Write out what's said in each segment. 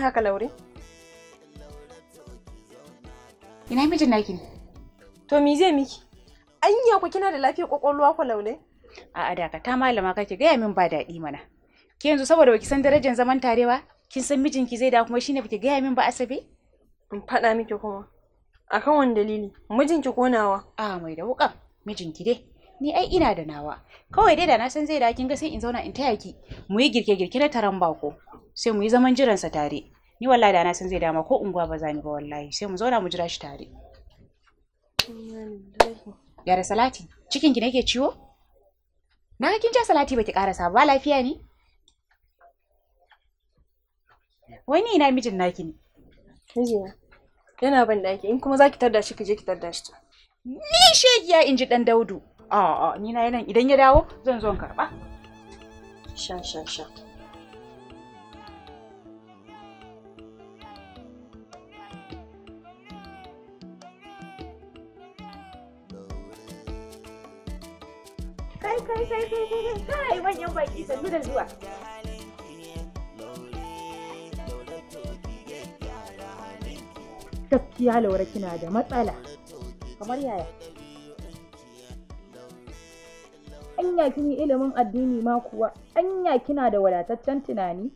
yin haka laure? Ina mijin naki ne? To mi zai miki? Anya ku kina da lafiyar kwakwalwa ku a A'a dakata malama kake gaya min ba daɗi mana. Ki yanzu saboda baki san darajar zaman tarewa kin san mijinki zai da kuma shine baki gaya min ba asabe? In faɗa miki kuma. Akan wani dalili, mijinki konawa. A mai da wuƙa, mijinki dai. ni ai ina da nawa kawai dai da na san zai da kin ga sai in zauna in taya ki mu yi girke girke na taron bako sai mu yi zaman jiransa tare ni wallahi da na san zai dama ko unguwa ba za ni ba wallahi sai mu zauna mu jira shi tare yara salati cikin ki nake ciwo na ga kin ja salati baki karasa ba lafiya ne wani ina mijin naki ne yana ban daki in kuma zaki tarda shi ki je ki tarda shi ni shegiya in ji dan daudu a a ni na nan idan ya dawo zan zo karba sha sha sha kai kai kai kai kai kai manyan baki sannu da zuwa gaskiya laura kina da matsala kamar yaya anya kin yi ilimin addini ma kuwa anya kina da wadataccen tunani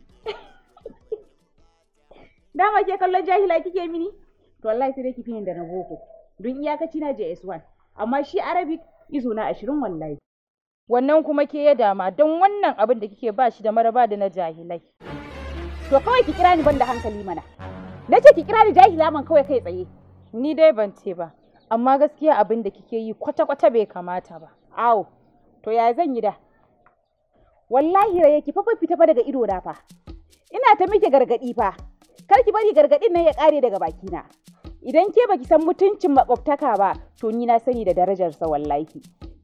dama ke kallon jahila kike mini to wallahi sai dai ki fiye da na boko don iyakaci na JS1 amma shi Arabic izo na 20 wallahi wannan kuma ke ya dama don wannan abin da kike ba shi da maraba da na jahilai to kawai ki kira ni ban da hankali mana na ce ki kira ni jahila man kawai kai tsaye ni dai ban ce ba amma gaskiya abin da kike yi kwata-kwata bai kamata ba awo to ya zan yi da wallahi raye ki fafa fita fa daga ido na fa ina ta miki gargadi fa kar ki bari gargadin nan ya kare daga baki na idan ke baki san mutuncin makwabtaka ba to ni na sani da darajarsa wallahi ki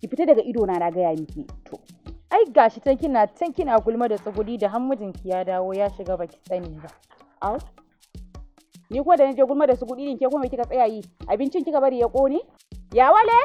fita daga ido na na gaya miki to ai gashi tan kina tan kina gulma da tsuguri da ki ya dawo ya shiga baki sani ba au ni ko da naje gulma da su kuɗi ke kuma kika tsaya yi abincin kika bari ya kone ya wale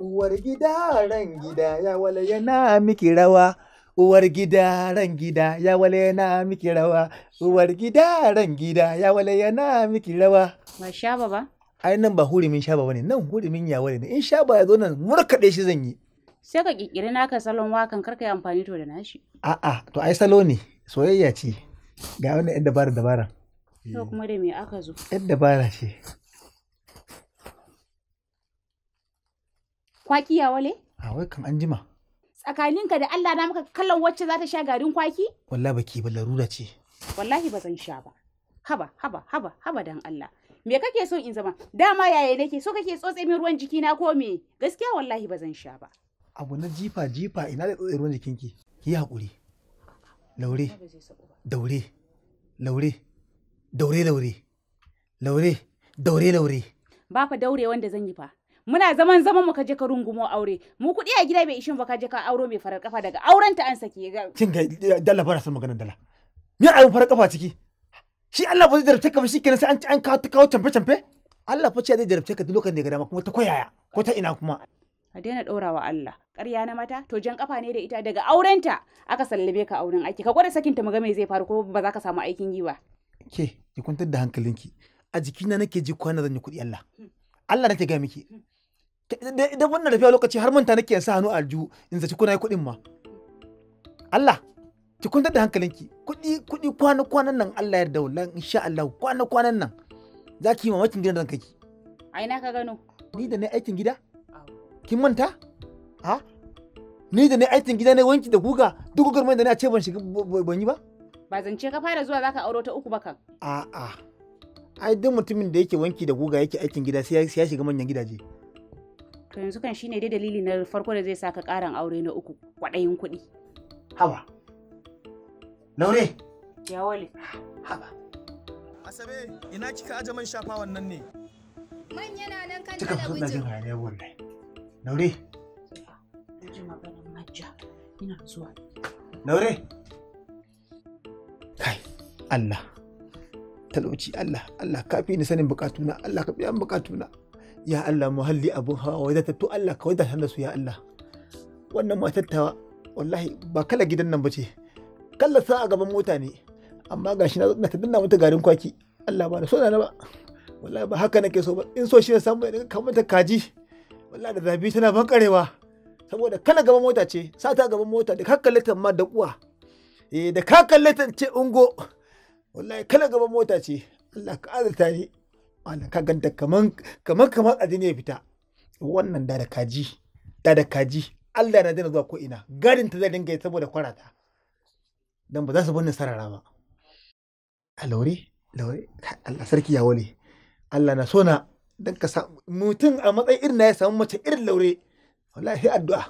Uwar gida ran gida ya wale yana miki rawa. Uwar gida ran gida ya wale yana miki rawa. Uwar gida ran gida ya wale yana miki rawa. Ba sha ba ba? Ai nan ba hurumin sha ba ne, nan hurumin ya wale ne. In sha ba ya zo nan murkaɗe shi zan yi. Sai ka ƙirƙiri naka salon wakan kar ka yi amfani to da nashi. A'a to ai salo ne soyayya ce ga wannan yadda dabara dabara. Yau kuma da me aka zo? Yadda dabara ce. Kwaki ya wale? A wai kan an jima. Tsakaninka da Allah na maka kallon wacce za ta sha garin kwaki? Wallahi baki ba larura ce. Wallahi ba zan sha ba. Haba, haba, haba, haba dan Allah. Me kake so in zama? Dama yaya nake so kake tsotse min ruwan jikina ko me? Gaskiya wallahi ba zan sha ba. Abu na jifa jifa ina da tsotse ruwan jikinki. Ki hakuri. Laure. Daure. Laure. Daure laure. Laure. Daure laure. Ba fa daure wanda zan yi fa. muna zaman zaman mu ka je ka rungumo aure mu kuɗi a gida bai ishin ba ka je ka auro mai farar kafa daga auren ta an sake ga kin ga eh, dalla bara san maganar dalla me ayi farar kafa ciki shi Allah ba zai darabta ka ba shikenan sai an an kawo ta kawo tamfe tamfe Allah fa ce zai darabta ka duk lokacin da ga dama kuma ta koyaya ko ta ina kuma a daina ɗorawa Allah ƙarya na mata to jan kafa ne da ita daga aurenta aka sallabe ka auren aiki ka gwada sakinta mu ga me zai faru ko ba za ka samu aikin yi ba ke ki kwantar da hankalinki a jikina nake ji kwana zan yi kuɗi Allah hmm. Allah nake ga miki hmm. idan wannan tafiya lokaci har manta nake sa hannu a aljihu in zaci kuna yi kuɗin ma Allah ki kun da hankalinki kuɗi kuɗi kwana kwanan nan Allah ya wallahi insha Allah kwana kwanan nan za ki yi mamakin gidan ranka ki ai na ka gano ni da ne aikin gida kin manta ha ni da ne aikin gida ne wanki da guga duk gugar da ne a ce ban shiga ban yi ba ba zance ka fara zuwa zaka auro ta uku ba kan a'a ai duk mutumin da yake wanki da guga yake aikin gida sai ya shiga manyan gidaje to yanzu kan shine dai dalili na farko da zai saka karan aure na uku kwaɗayin kuɗi haba naure ya wale haba asabe ina kika aje man shafa wannan ne man yana nan kan kika fito na jin hayaniyar wannan naure ji maganar majja ina zuwa naure kai Allah talauci Allah Allah kafi ni sanin bukatuna Allah ka biya bukatuna ya Allah muhalli abin hawa wadatattu Allah ka wadatar da su ya Allah wannan matar tattawa wallahi ba kala gidan nan bace kalla sa a gaban mota ne amma gashi na na ta mata garin kwaki Allah ba da so na ba wallahi ba haka nake so ba in so shi ya samu idan ka mata kaji wallahi da zabi tana bakarewa saboda kala gaban mota ce sata gaban mota da kakkalatan ma da uwa eh da kakkalatan ce ungo wallahi kala gaban mota ce Allah ka azurta ni ana ka ganta kaman kaman kaman addini ya fita wannan da da kaji da da kaji Allah na daina zuwa ko ina gadin ta zai dinga yi saboda kwarata dan ba za su bar sarara ba a lauri lauri Allah sarki ya wale Allah na so na dan ka samu mutum a matsayin irin na ya samu mace irin laure wallahi addu'a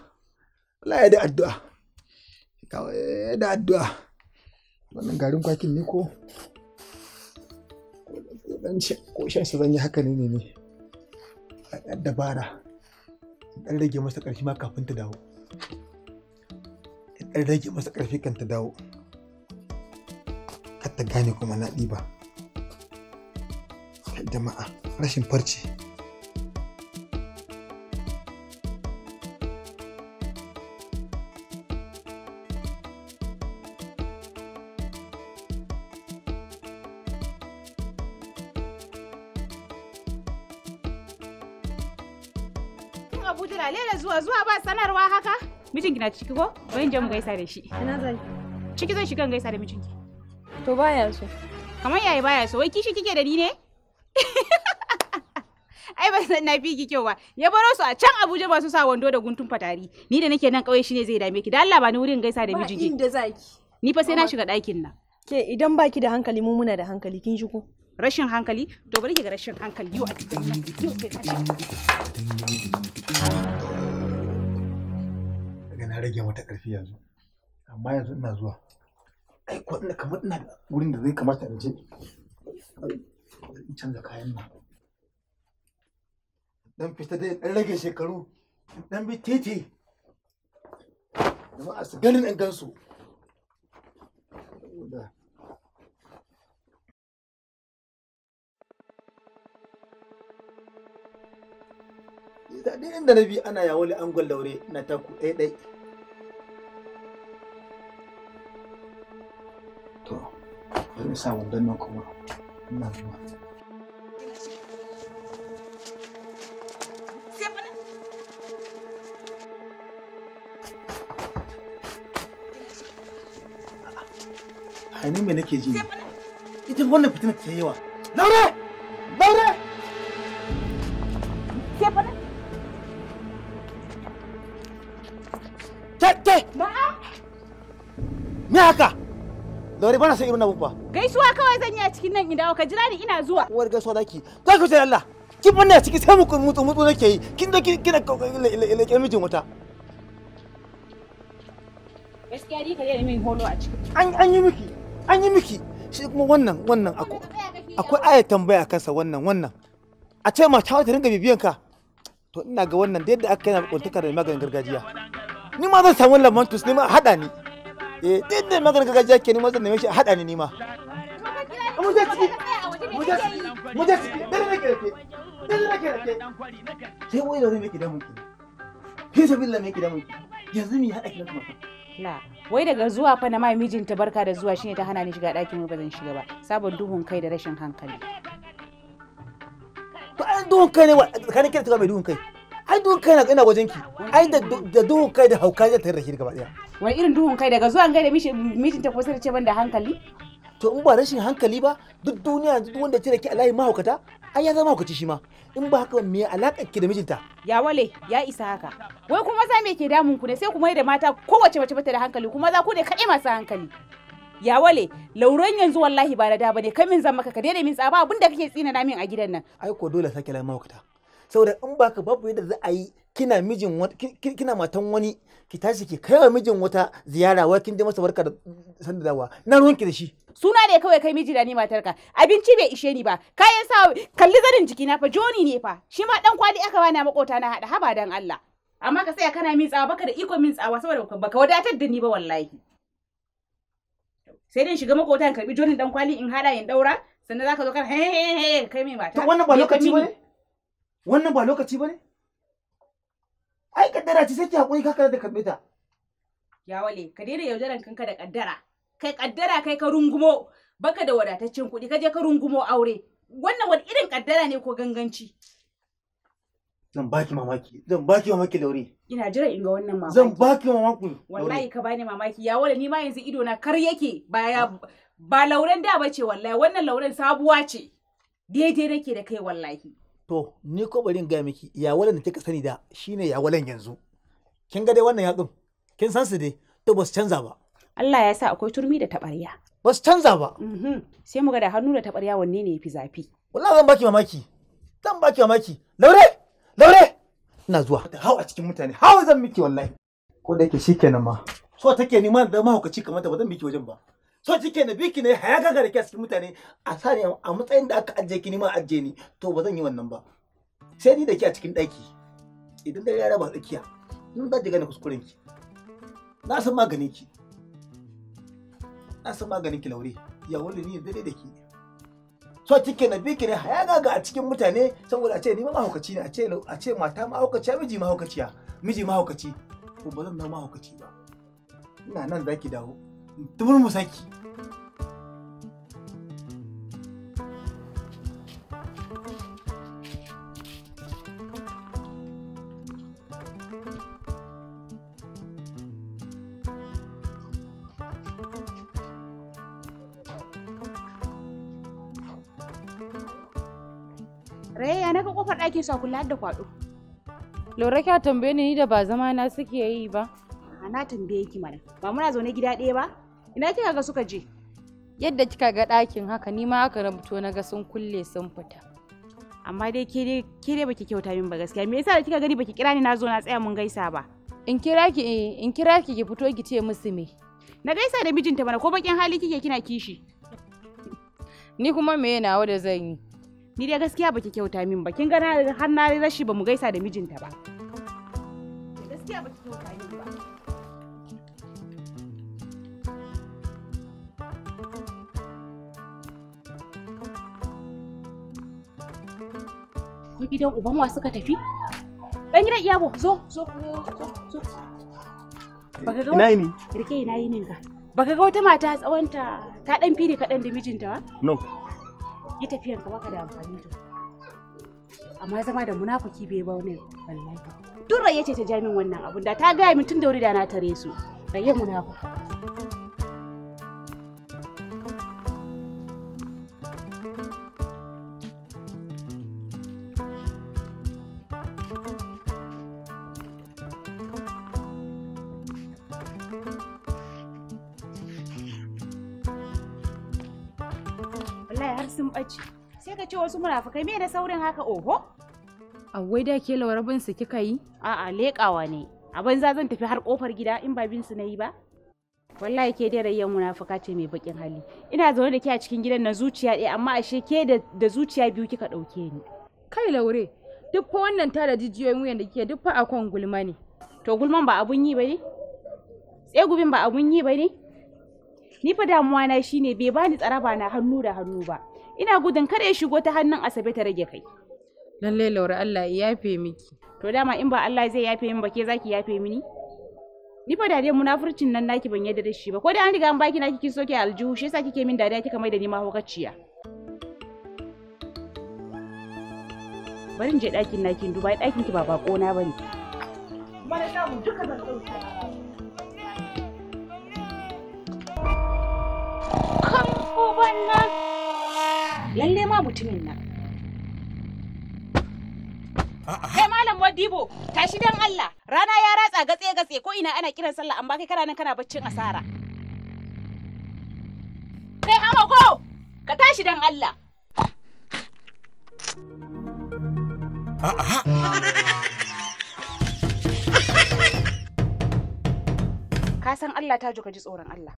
wallahi da addu'a kawai da addu'a wannan garin kwakin ne ko dan ko shan shi zan yi haka ne ne a ɗan dabara ɗan rage masa ƙarfi ma kafin ta dawo ɗan rage masa ƙarfi kan ta dawo kar ta gane kuma na ɗiba jama'a rashin farce yana ciki ko bayan je mu gaisa da shi ina zai ciki zai shiga gaisa da mijinki to baya so kamar yayi baya so wai kishi kike da ni ne ai ba san na fi ki kyau ba ya baro su a can Abuja ba su sa wando da guntun fatari ni da nake nan kauye shine zai dame ki da Allah ba ni wurin gaisa da mijinki ba inda zaki ni fa sai na shiga ɗakin nan ke idan baki da hankali mu muna da hankali kin shigo rashin hankali to bari ki ga rashin hankali yau a cikin nan yau kai ka kashi na rage mata ƙarfi yanzu amma yanzu ina zuwa ai ko ina kamar ina wurin da zai kamata in je in canza kayan nan dan fita dai dan rage shekaru dan bi titi jama'a su ganin in gansu daɗin inda na bi ana yawon angon laure na taku ɗaya ɗaya to bari sa wandon nan kuma ina zuwa Ai ni me nake ji? Ita wannan fitina ta yawa. Laure! ba na san irin abun ba gaisuwa kawai zan yi a cikin nan idan ka jira ni ina zuwa uwar gaisuwa zaki za ku ce Allah kin banna ciki sai mu mutu mutu nake yi kin da kin kina kawai kin mijin wata gaskiya dai kare min holo a ciki an an yi miki an yi miki shi kuma wannan wannan akwai akwai aya tambaya kansa wannan wannan a ce ma ta ringa bibiyan ka to ina ga wannan da yadda aka yana kwantaka da maganin gargajiya ni ma zan samu lamantus ni ma hada ni eh duk da maganar gargajiya ke neman zan neme shi haɗa ni nima mu je ciki mu je ciki mu je ciki dare nake rake dare nake rake sai wai da me ke damun ki fi billa me ke damun ki yanzu mi haɗa ki na kuma la wai daga zuwa fa na mai mijinta barka da zuwa shine ta hana ni shiga ɗakin mu ba zan shiga ba sabon duhun kai da rashin hankali to an duhun kai ne wa kanin kirta mai duhun kai ai duhun kai na ina wajen ki ai da duhun kai da hauka zai tare da shi gaba daya wani irin duhun kai daga zuwa gaida mijin ta kusa ce ban da hankali to in ba rashin hankali ba duk duniya duk wanda tare ki alayi mahaukata ai ya zama hukaci shi ma in ba haka me alakar ki da mijinta ya wale ya isa haka wai kuma za me ke damun ku ne sai kuma da mata kowace mace bata da hankali kuma za ku ne kaɗai masu hankali ya wale lauran yanzu wallahi ba da da bane kamin zan maka ka daina min tsaba abinda kake tsina na min a gidan nan ai ko dole sake lai mahaukata saboda in ka babu yadda za a yi kina mijin kina matan wani ki tashi ki kaiwa mijin wata ziyara wai kin je masa barka da sanda dawa na ki da shi suna ne kawai kai miji da ni matarka abinci bai ishe ni ba kayan sa kalli zanin jiki na fa joni ne fa shi ma dan kwali aka bana makota na hada haba dan Allah amma ka tsaya kana min tsawa baka da iko min tsawa saboda baka wadatar da ni ba wallahi sai dai shiga makota in karbi jonin dan kwali in hada in daura sannan zaka zo kana he he he kai mai mata to wannan ba lokaci bane wannan ba lokaci ba ne ai kaddara ce sai ki haƙuri kaka da karɓe ta ya wale ka daina yaudaran kanka da kaddara kai kaddara kai ka rungumo baka da wadataccen kuɗi ka je ka rungumo aure wannan wani irin kaddara ne ko ganganci zan baki mamaki zan baki mamaki laure ina jira in ga wannan mamaki zan baki mamaki wallahi ka bani mamaki ya wale ni ma yanzu ido na kar yake ba ya ba lauren da bace wallahi wannan lauren sabuwa ce daidai nake da kai wallahi to ni ko bari in ga miki walan da kika sani da shine walan yanzu kin ga dai wannan yatsun kin san su dai to ba su canza ba Allah ya sa akwai turmi da tabarya ba su canza ba mhm. sai mu ga da hannu da tabarya wanne ne yafi zafi wallahi zan baki mamaki zan baki mamaki laure laure ina zuwa hau a cikin mutane hau zan miki wallahi ko da yake shikenan ma so take ni ma da mahaukaci kamar da ba zan miki wajen ba so cike ne biki ne haya gagara ki a cikin mutane a sani a matsayin da aka ajiye ki ni ma ajiye ni to ba zan yi wannan ba sai ni da ki a cikin daki idan dare ya raba tsakiya in za ki ne kuskuren ki na san maganin ki na san maganin ki laure ya wani ni da da ki so cike na biki ne haya gaga a cikin mutane saboda a ce ni ma mahaukaci ne a ce a ce mata a miji mahaukaciya miji mahaukaci ko ba zan zama mahaukaci ba ina nan zaki dawo Turmusaki. na ga ƙofar ɗakin sa kula da kwaɗo. Laura kya tambaye ni da ba zama na suke yi ba. Na tambaye ki mana. Ba muna zaune gida ɗaya ba? ina kika ga suka je yadda kika ga ɗakin haka ni ma aka rubuto na ga sun kulle sun fita amma dai ke dai ke dai baki kyauta min ba gaskiya me yasa da kika gani baki kira ni na zo na tsaya mun gaisa ba in kira ki eh, in kira ki ki fito ki ce musu me na gaisa da mijinta bana ko bakin hali kike kina kishi ni kuma me nawa da zan yi ni dai gaskiya baki kyauta min ba kin ga har na rashi ba mu gaisa da mijinta ba gaskiya baki kyauta min ko gidan uban wa suka tafi dan gidan iyabo zo zo zo baka ga ina ni rike ina yinin ka baka ga wata mata tsawonta ta dan fini kadan da mijinta ba no yi tafiyan ka baka da amfani to amma zama da munafiki bai ba wani wallahi duk rayyace ta jamin wannan abun da ta gaya min tun da wuri da na tare su rayyan munafiki ce wasu munafukai me da saurin haka oho awai da ke laura bin su kika yi a'a leƙawa ne a banza zan tafi har kofar gida in ba bin su na yi ba wallahi ke da rayuwar munafuka ce mai bakin hali ina zaune da ke a cikin gidan na zuciya ɗaya amma ashe ke da zuciya biyu kika ɗauke ni kai laure duk fa wannan tara jijiyoyin wuyan da kike duk fa akwai gulma ne to gulman ba abun yi ba ne gubin ba abun yi ba ne ni fa damuwa na shine bai bani tsaraba na hannu da hannu ba ina gudun kada ya shigo ta hannun asabe ta rage kai lallai laura Allah ya yafe miki to dama in ba Allah zai yafe min ba ke zaki yafe mini ni fa dariya munafurcin nan naki ban yadda da shi ba ko da an riga an baki naki kin soke aljihu shi yasa kike min dariya kika mai da ni mahaukaciya bari Barin je ɗakin nakin duba ɗakin ki ba bako na bane kuma na samu duka da ɗauka kan uban nan lalle ma mutumin nan Kai Malam Wadibo, tashi dan Allah. Rana ya ratsa gatse gatse ko ina ana kiran sallah amma kai kana nan kana baccin asara. Kai Hamago, ka tashi dan Allah. Ka san Allah ta ka ji tsoron Allah.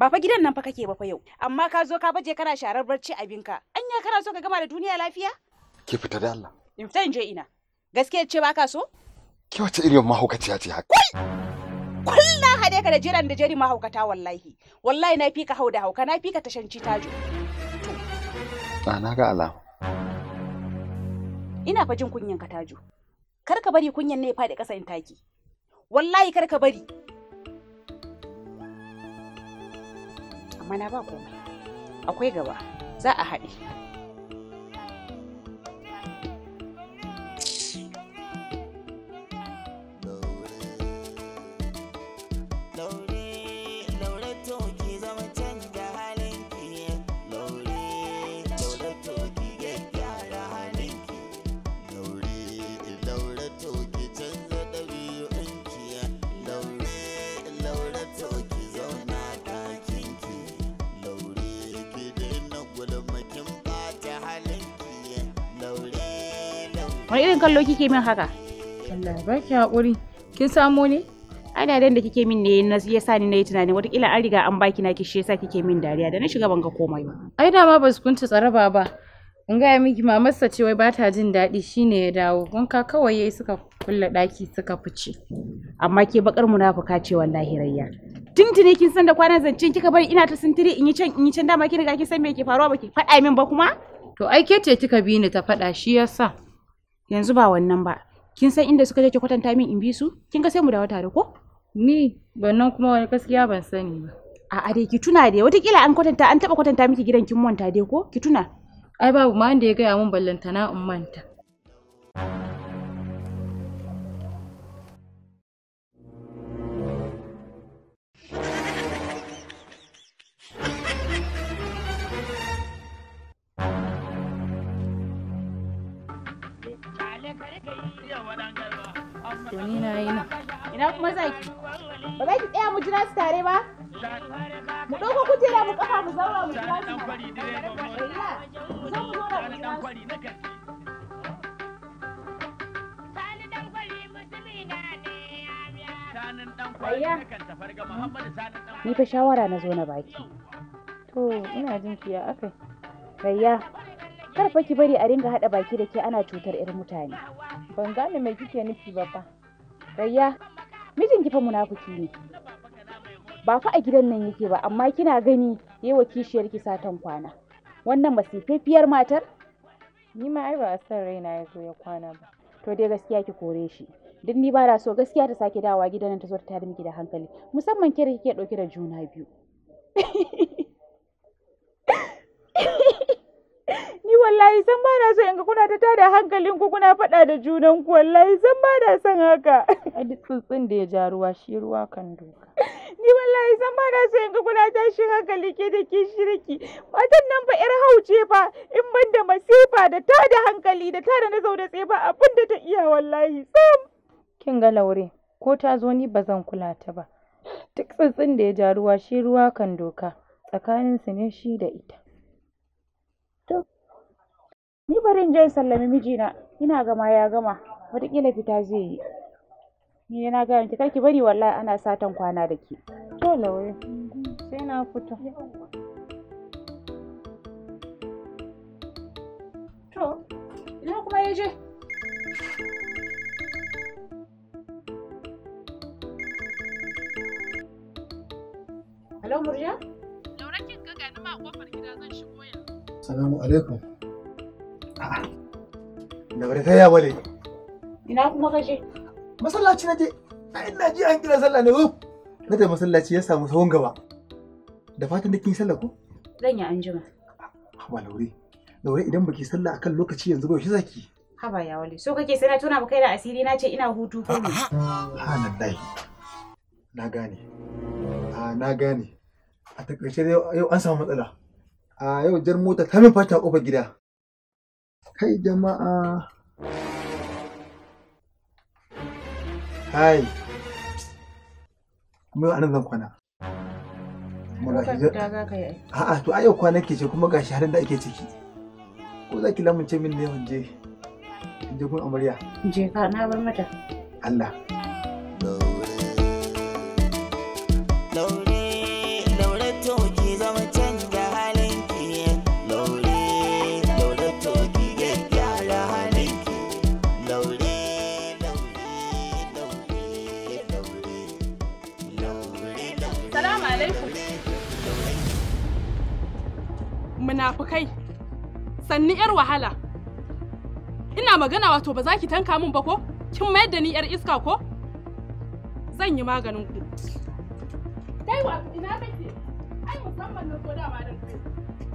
Ba fa gidan nan fa kake ba fa yau, amma ka zo ka baje kana sharar barci abinka, anya kana so ka gama da duniya lafiya ki fita da Allah in fita in je ina gaskiya ce baka so ki wace irin mahaukaciya ce haka kullum hade ka da jiran da jeri mahaukata wallahi wallahi na fi ka hau da hauka na fi ka tashanci tajo a ah, na ga alama ina fa jin kunyan ka tajo kar ka bari kunyan ne ya faɗi ƙasa in taki wallahi kar ka bari amma na ba komai akwai gaba za a haɗe irin kallo kike min haka? Allah ba ki haƙuri. Kin samo ne? Ana dan da kike min ne na ya sa ni na yi tunani watakila an riga an baki na ki shi yasa kike min dariya da na shiga ban ga komai ba. Ai da ma ba su kunta tsaraba ba. In gaya miki mamarsa ce wai ba ta jin daɗi shine ya dawo. Wanka kawai yayi suka kulle ɗaki suka fice. Amma ke bakar munafuka ce wallahi rayya. Tuntuni kin san da kwanan zancen kika bari ina ta sintiri in yi can in yi can dama kin riga kin san me ke faruwa baki faɗa min ba kuma? To ai ke ce kika bi ni ta faɗa shi yasa. yanzu ba wannan ba kin san inda suka je ki kwatanta min in bi su kin ga sai mu dawo tare ko ni bannan kuma wani gaskiya ban sani ba a'a dai ki tuna dai watakila an kwatanta an taba kwatanta miki gidan kin manta dai ko ki tuna ai babu ma wanda ya gaya mun ballantana in manta To ni na yi Ina kuma za ki? Ba za ki tsaya mu jira su tare ba? Mu ɗauko kujera mu kafa mu zauna mu jira su. Mu zo mu zauna mu jira su. Ni fa shawara na zo na baki. To, ina jin ki ya akai. Rayya, kar fa ki bari a ringa haɗa baki da ke ana cutar irin mutane. Ban gane mai kike nufi ba fa. Rayya, mijinki fa munafuki ne. Ba fa a gidan nan yake ba, amma kina gani yayi wa kishiyar ki satan kwana. Wannan masifaffiyar matar? Ni ma ai ba a san raina ya zo ya kwana ba. To dai gaskiya ki kore shi. Duk ni ba na so gaskiya ta sake dawowa gidan nan ta zo ta tada miki da hankali, musamman ke kike dauke da juna biyu. Ni wallahi san ba na so in ga kuna ta tada hankalin ku kuna faɗa da junan ku wallahi san ba na son haka. A duk tsuntsun da ya ja ruwa shi ruwa kan doka. Ni wallahi san ba na so in ga kuna tashin hankali ke da ke shirki. Matan nan ba ƴar hauce fa in ban da masifa da tada hankali da tada na zaune tsaye ba abin da ta iya wallahi sam. Kin ga laure ko ta zo ni ba zan kula ta ba. Duk tsuntsun da ya ja ruwa shi ruwa kan doka tsakaninsu ne shi da ita. ni bari in je in sallami mijina ina gama ya gama wataƙila fita zai yi ni na gaya miki ki bari wallahi ana satan kwana da ke to lauyi sai na fita to ina kuma ya je Hello Murja? ga gani ma kofar gida zan shigo yanzu. Assalamu alaikum. Da bari sai ya wale. Ina kuma kaje? Masallaci na je. A ina ji an kira sallah ne wuf. Na da masallaci ya samu sahun gaba. Da fatan da kin sallah ko? Zan yi anjima. Haba laure. Laure idan baki sallah akan lokaci yanzu ba shi zaki. Haba ya wale. So kake sai na tona maka da asiri na ce ina hutu ko ne? Subhanallahi. Na gane. A na gane. A takaice yau an samu matsala. A yau jar mota ta min fata kofar gida. kai jama'a hai kuma a nan zan kwana a'a to a yau kwanan ke ce kuma gashi harin da ake ciki ko za ki lamunce min ne wanje je kun amarya je ka na bar mata Allah sanni yar wahala ina magana wato ba za ki tanka min ba ko kin mayar da ni yar iska ko zan yi maganin ku kai wato ina kake ai musamman na so dama dan kai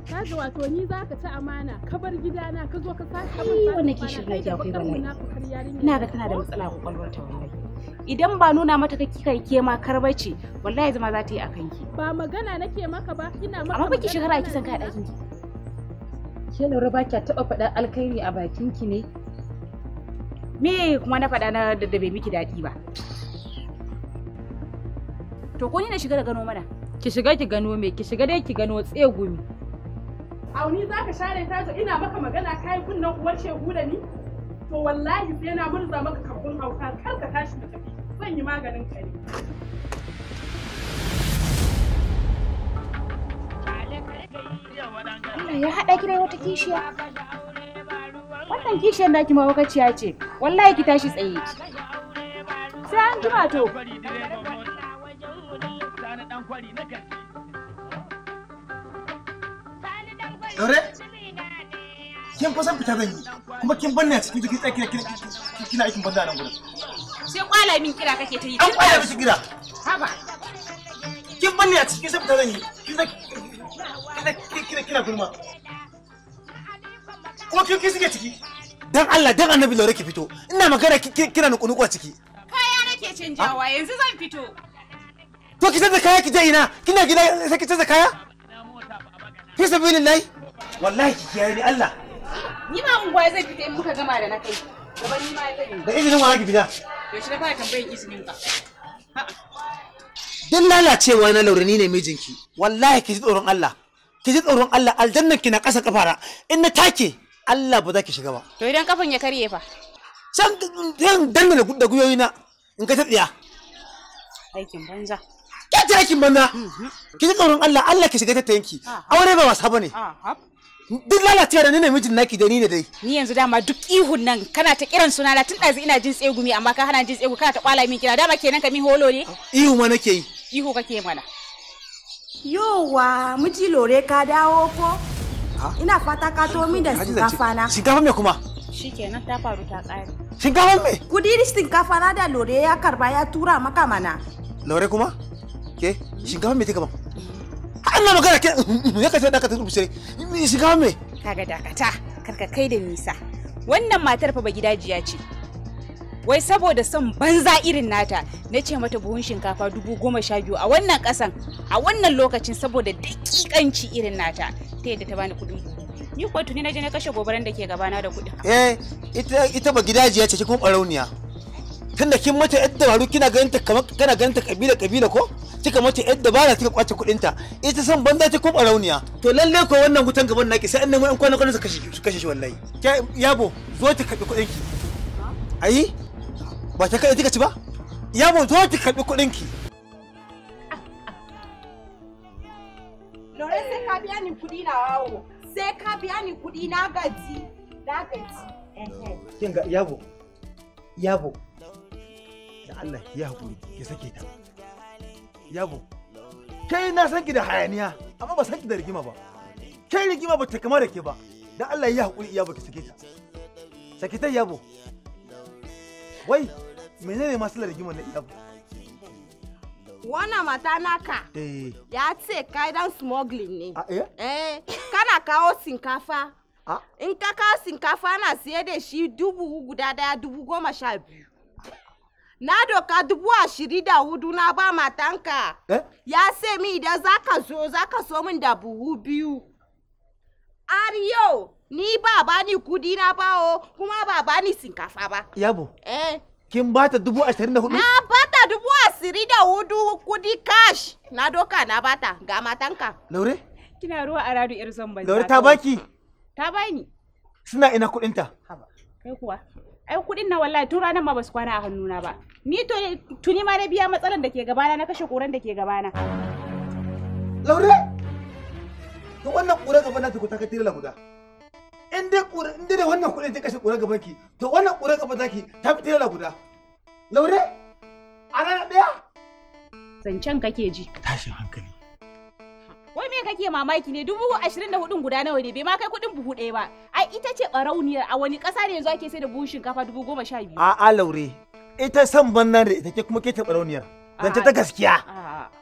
kaga wato ni za ka ci amana ka bar gidana ka zo ka sace ka bar wannan ke shirye ki akwai ban ina ga tana da matsala kwalwar ta wallahi idan ba nuna mata kake kai ke ma ce wallahi zama za ta yi akan ki ba magana nake maka ba ina maka amma baki shahara kisan kai a dakin ki ke lura ba kya taɓa faɗa alkhairi a bakin ki ne me kuma na faɗa na da bai miki daɗi ba to ko ni na shiga da gano mana ki shiga ki gano me ki shiga dai ki gano tsegumi auni za ka share ta to ina maka magana kayi kunnen kuma shegu da ni to wallahi sai na murza maka kafin hauka kar ka tashi mu tafi zan yi maganin kare Allah ya haɗa ki da wata kishiya. Wannan kishiyar naki ma wakaciya ce, wallahi ki tashi tsaye Sai an jima to. Daure? Kin fa san fita zan yi, kuma kin banna cikin jikin tsaki kina aikin banza nan gudun. Sai kwala min kira kake ta yi. An kwala min kira. Haba. Kin banna cikin sai fita zan yi. ana kira kira gulma kin ciki dan Allah dan annabi laure ki fito ina magana kina ni ciki kaya nake canjawa ah. yanzu zan fito to ki canza kaya ki je ina kina gida sai ki canza kaya fi sabilillahi wallahi ki kiyaye ni Allah ni ma unguwa zai fita in muka gama da na kai ni da izinin wa ki fita fara tambayin izinin ka lalacewa na laure ne mijinki wallahi ki ji tsoron Allah ki ji tsoron Allah aljannan ki na ƙasa kafara in na take Allah ba za ki shiga ba to idan kafan ya karye fa san zan danna da guyoyi na in ka tsiya aikin banza ke ta aikin banza mhm. ki ji tsoron Allah Allah ki shiga ta yanki ah, aure ba wasa bane ah, duk lalacewa da ni namijin naki da ni ne dai ni yanzu dama duk ihun nan kana ta kiran suna na tun ɗazu ina jin tsegumi amma ka hana jin tsegu kana ta kwala min kira dama kenan ka min holo ne ihu ma nake yi ihu kake mana Yowa, miji lore ka dawo ko? Ina fata ka to min da shinkafa na. Shinkafa me kuma? Shikenan ta faru ta ƙare. Shinkafa me? Kudi shinkafa na da lore ya karba ya tura maka mana. Lore kuma? Ke, shinkafa me take ba? Allah magana ke ya kace da ka ta rubuce. Shinkafa me? Kaga dakata, karka kai da nisa. Wannan matar fa ba gidajiya ce. wai saboda son banza irin nata na ce mata buhun shinkafa dubu goma sha biyu a wannan kasan a wannan lokacin saboda dakikanci irin nata ta yadda ta bani kuɗin buhu ni kuwa tuni na je na kashe gobaran da ke gabana da kudi eh ita ita ba gidajiya ce kuma barauniya tunda kin mata yadda dabaru kina ganin ta kamar kana ganin ta kabila kabila ko kika mata yadda ba kika kwace kudin ta ita san banza ce kuma barauniya to lalle ko wannan hutan gaban naki sai annan mun kwana kwana su kashe su kashe shi wallahi yabo zo ta kabi kudin ki ayi ba ta kai kika ci ba yawon zo ki karbi kuɗin ki Lore sai ka biya ni kuɗi na wawo sai ka biya ni kuɗi na gaji na gaji kin ga yabo yabo da Allah ya hakuri ya sake ta yabo kai na san ki da hayaniya amma ba san ki da rigima ba kai rigima ba ta kama da ke ba da Allah ya hakuri yabo ki sake ta sake ta yabo wai menene matsalar rigimar na iyabu wannan mata naka eh. ya ce kai dan smuggling ne ah, eh? eh kana kawo shinkafa ah. in ka kawo shinkafa na siye da shi dubu guda daya dubu goma sha biyu na doka dubu ashiri da hudu na ba matanka eh? ya ce mi idan za ka zo za ka so min da buhu biyu har ni ba ba ni kudi na bawo kuma ba ba ni shinkafa ba yabo eh Kin bata dubu ashirin da hudu? Na bata dubu ashirin da hudu kudi cash. Na doka na bata ga matanka. Laure? Kina ruwa a radu yar zan banza. Laure ta baki? Ta bani. Suna ina kudinta? Haba. Kai kuwa? Ai kudin na wallahi tun ranar ma basu kwana a hannuna ba. Ni to tuni ma na biya matsalan da ke gabana na kashe koran da ke gabana. Laure? To wannan kura gaba na ta ku ta ka tira guda. in dai ƙura in dai wannan kudin ta kashe ƙura gaba ki to wannan ƙura gaba zaki ta fi da guda laure a rana daya. zancen kake ji tashin hankali wai me kake mamaki ne dubu ashirin da hudun guda nawa ne bai ma kai kuɗin buhu daya ba ai ita ce ɓarauniyar a wani ƙasa ne yanzu ake sai da buhun shinkafa dubu goma sha biyu a'a laure ita san bannan da ita ke kuma ke ta ɓarauniyar zance ta gaskiya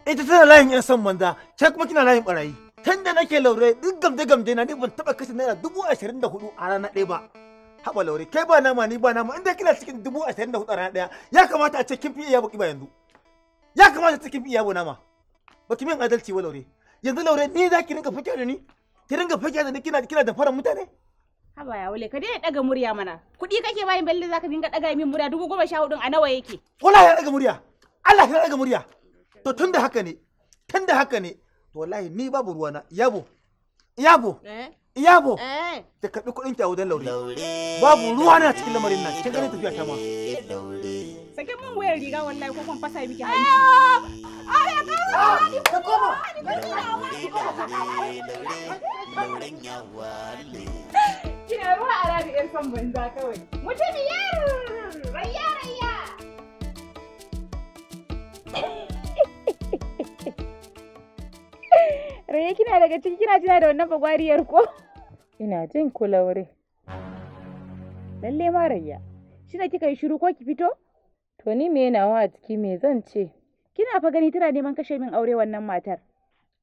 ita tana layin yan san banza ke kuma kina layin ɓarayi tun da nake laure duk gamde-gamde na ni ban taba kashe naira dubu ashirin da hudu a rana ɗaya ba haɓa laure kai ba nama ni ba nama inda kina cikin dubu ashirin da hudu a rana ɗaya ya kamata a ce kin fi iya ba yanzu ya kamata a ce kin fi iya nama baki min adalci ba laure yanzu laure ni za ki rinka fake da ni ki rinka fake da ni kina kina da fara mutane haba ya wale ka daina daga murya mana kuɗi kake bayan belle zaka dinga daga min murya dubu goma sha hudu a nawa yake wala ya daga murya Allah ya daga murya to tunda haka ne tunda haka ne to wallahi ni babu ruwana yabo yabo eh? yabo eh. ta kaɗi kuɗin ta a wajen laure babu ruwana cikin lamarin nan kin ganin tafiya ta ma sake mun wayar riga wallahi ko kun fasa miki hanci ah, ai a banza kawai Raye kina daga ciki kina tuna da wannan bagwariyar ko? Ina jin ku Lalle ma Rayya, shi da kika yi shiru ko ki fito? To ni me yana a ciki me zan ce? Kina fa gani tana neman kashe min aure wannan matar.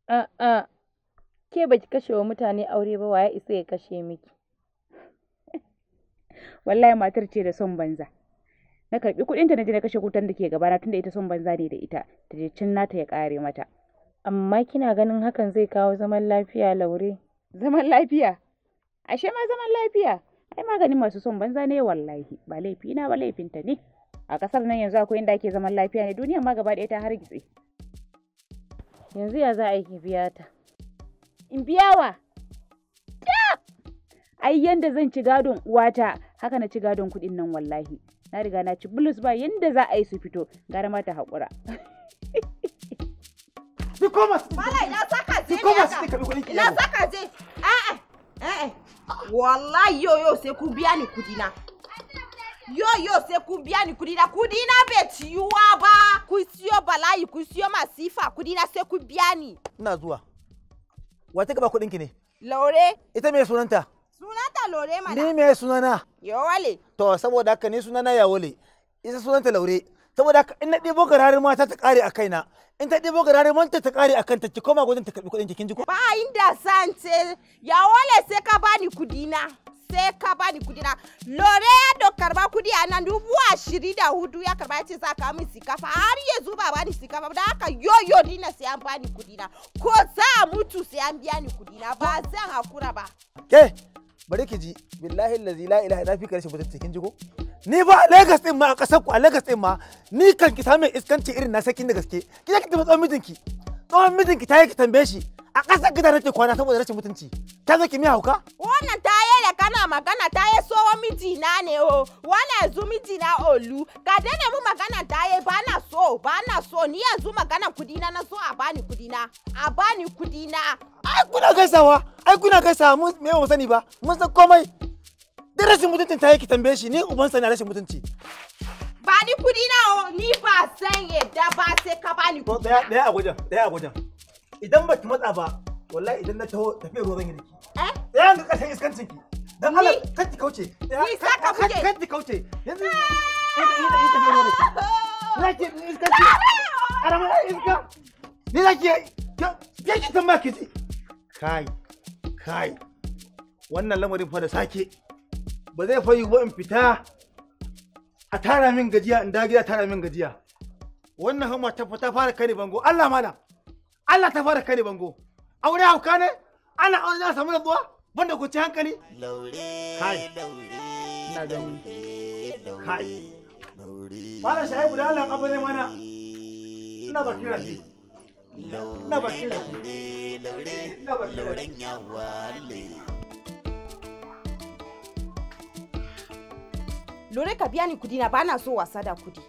A a ke ki kashe wa mutane aure ba waya isa ya kashe miki. Wallahi matar ce da son banza. Na karbi kuɗinta na je na kashe kutan da ke gabana tunda ita son banza ne da ita, ta je cin nata ya ƙare mata. Amma kina ganin hakan zai kawo zaman lafiya Laure? Zaman lafiya? Ashe ma zaman lafiya? Ai maganin masu son banza ne wallahi, ba laifi na ba laifinta ne. A ƙasar nan yanzu akwai inda ake zaman lafiya ne, duniyar ma gaba ɗaya ta hargitse. Yanzu ya za a yi biya ta? In biya wa? Ai yanda zan ci gadon uwata, haka na ci gadon kuɗin nan wallahi. Na riga na ci bulus ba yanda za a yi su fito, gara ma ta haƙura. ki koma ki saka je ki koma ki kabi kuɗin ki na saka je eh eh wallahi yo yo sai ku biya ni kudina yo yo sai ku biya ni kudina kudina kudi na bai ciyuwa ba ku siyo bala'i ku siyo masifa kudina na ku biya ni ina zuwa wa ta gaba kuɗin ki ne laure ita me sunanta sunanta lore mana ni me sunana yawale to saboda haka ni sunana yawale isa sunanta lore. saboda haka in na ɗebo garare mata ta ƙare a kaina in ta ɗebo garare manta ta ƙare a kanta ki koma gudun ta karɓi kuɗin kin jiko. ko. ba inda san ce ya wale sai ka bani kudina sai ka bani kudina lore ya do karba kudi a nan dubu ashirin da hudu ya karba ya ce za ka min sikafa har yanzu ba bani sikafa da haka yoyo dina sai an bani kudina ko za mutu sai an biya ni kudina ba zan hakura ba. ke bari ki ji billahi la ilaha illa fi karshe mutunci kin ji ko ni ba a Lagos din ma a kasar ku a Lagos din ma ni kan ki samu iskanci irin na sakin da gaske ki ki tafi tsawon mijinki tsawon mijinki ta yi ki tambaye shi a kasar gida nake kwana saboda rashin mutunci ta zo ki mi hauka wannan ta yi da kana magana ta yi sowa miji na ne o wannan yanzu miji na olu ka daina mu magana ta yi ba na so ba na so ni yanzu magana kudi na na so a bani kudi a bani kudi na kuna gaisawa ai kuna gaisawa mun me ba sani ba mun san komai da rashin mutuncin ta yake tambaye shi ni ubansa na rashin mutunci ba ni kudi na ni ba san yadda ba sai ka ba ni kudi daya daya a gujan daya a gujan idan ba ki matsa ba wallahi idan na taho tafiya ruwa zan yi dake eh daya ga kasan iskancin ki dan Allah kar ki kauce ni sa ka buge kar ki kauce yanzu na ah! ki iskanci ah! arama iska ni na ki ya ki tambaya ki kai kai wannan lamarin fa da sake ba zai fayi ba in fita a tara min gajiya in gida tara min gajiya wannan hama ta ta fara kare bango Allah mana Allah ta fara kare bango aure hauka ne ana aure za samu rabuwa banda ku ci hankali laure kai ina da kai mala shaibu da Allah ne mana ina ba kira shi na lore ka biya ni kudi na bana so wasa da kudi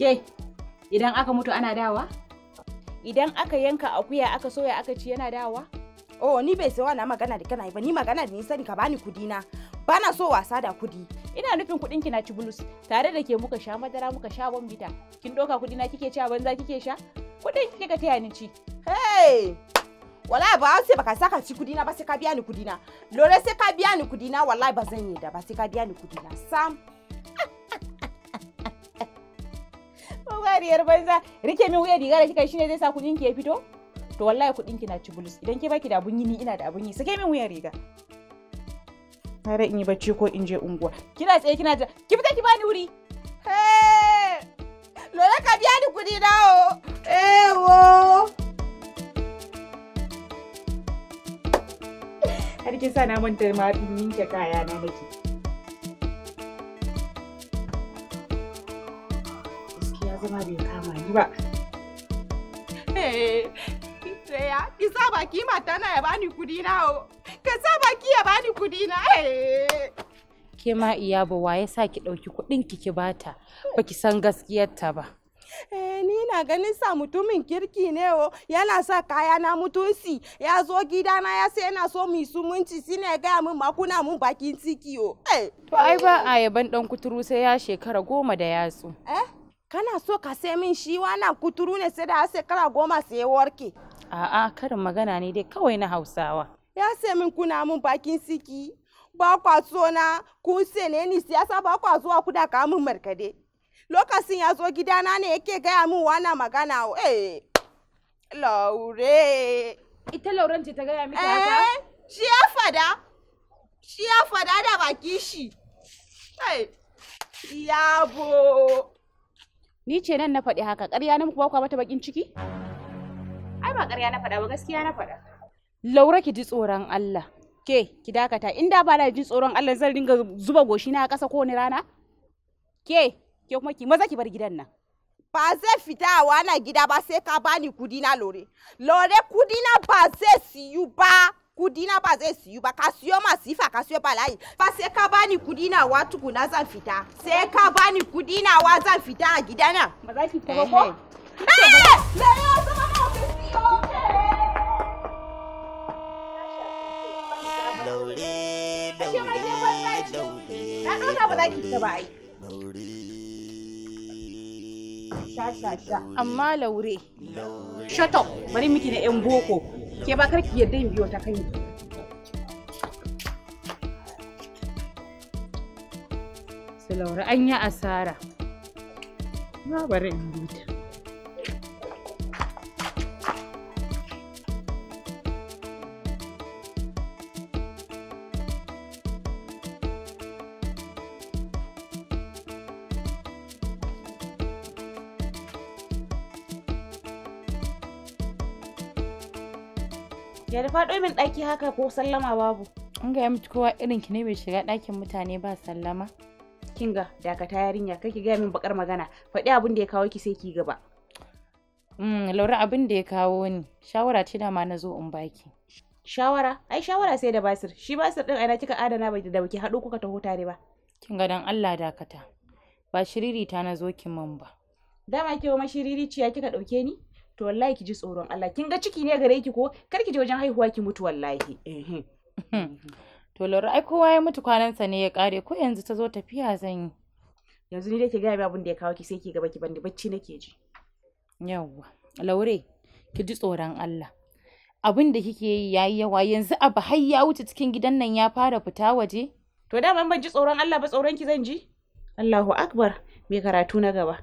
ke idan aka mutu ana dawa idan aka yanka akuya aka soya aka ci yana dawa oh ni bai sai na magana da kana yi ba ni magana da ni sani ka bani kudi na bana so wasa da kudi ina nufin kudin ki na ci bulus tare da ke muka sha madara muka sha bita kin doka kudi na kike ci a banza kike sha kudin ki ka taya ni ci hey wallahi ba sai baka saka ci kudi na ba sai ka biya ni kudi na lore sai ka biya ni kudi na wallahi ba zan yi da ba sai ka biya ni kudi na sam Kogariyar banza rike min wuya diga da kika shine zai sa kudin ki ya fito to wallahi kudin ki na ci bulus idan ke baki da abun yi ni ina da abun yi sake min wuyan riga tare in yi bacci ko in je unguwa kina tsaye kina jira ki fita ki bani wuri lola ka biya ni kudi na o ewo har kin sa na manta ma ninke kaya na nake gaskiya zama bai kama ni ba tsaya ki sa baki mata na ya bani kudi na o ka sa baki ya bani kudi na eh. ke ma iya ba wa yasa ki dauki kudin ki ki bata baki san gaskiyar ta ba Eh, ni na ganin sa mutumin kirki ne o yana sa kaya na mutunci ya zo gidana ya sai yana so mu sumunci sine gaya min makuna kuna mun bakin ciki o. Eh. To ai ba a yaban dan kuturu sai ya shekara goma da yatsu. Eh? Kana so ka sai min shi wannan kuturu ne sai da shekara goma sai warke. A'a karin magana ne dai kawai na Hausawa. Ya sai min kuna mun bakin siki. Ba kwa na ku sai ne ni siyasa ba kwa zuwa kuda ka mun markade. Lokacin ya zo gidana ne yake gaya min wana magana eh. Laure. Ita Lauren ce ta gaya miki haka? Eh, shi ya fada. Shi ya fada da baki shi. Yabo. Ni ce nan na faɗi haka, ƙarya na muku ba kwa mata bakin ciki? ba ƙarya na faɗa ba gaskiya na faɗa. Laura ki ji tsoron Allah. Ke ki dakata in da ba na ji tsoron Allah zan dinga zuba goshi na a ƙasa kowane rana? Ke ke kuma ki maza ki bar gidan nan. Ba zai fita a wannan gida ba sai ka bani kudi na lore. Lore kudi na ba zai siyu ba. Kudi na ba zai siyu ba ka siyo masifa ka siyo balayi. Ba sai ka bani kudi na wa tukuna zan fita. Sai ka bani kudi na wa zan fita a gidana. Ba za ki fita ba ko? Eh! eh. ya zama Amma laure. Shut up, bari miki na 'yan boko. Ke ba karki yadda yin biyo ta kai. Su laure an yi asara. Na bari in bi ta. faɗo min ɗaki haka ko sallama babu in ga miki kowa irin ki ne bai shiga ɗakin mutane ba sallama kinga dakata yarinya kai ki gaya min bakar magana faɗi abin da ya kawo ki sai ki gaba mm, Laura abin da ya kawo ni shawara ce da ma na zo in baki. Shawara? Ai shawara sai da Basir. Shi Basir ɗin aina kika adana bai da baki haɗu kuka taho tare ba. Kin ga dan Allah dakata. Ba shiriri ta na zo ki min ba. Dama kewa mashiriri ciya kika ɗauke ni? to wallahi ki ji tsoron Allah kin ga ciki ne gare ki ko kar ki je wajen haihuwa ki mutu wallahi hmm. to lura ai kowa ya mutu kwanansa ne ya kare ko yanzu ta zo tafiya zan yi yanzu ni dai ke gaya abin da ya kawo ki sai ki gaba ki bandi bacci nake ji yawwa laure ki ji tsoron Allah abin da kike yi yayi yawa yanzu a har ya wuce cikin gidan nan ya fara fita waje to da ban ji tsoron Allah ba tsoron ki zan ji Allahu akbar mai karatu na gaba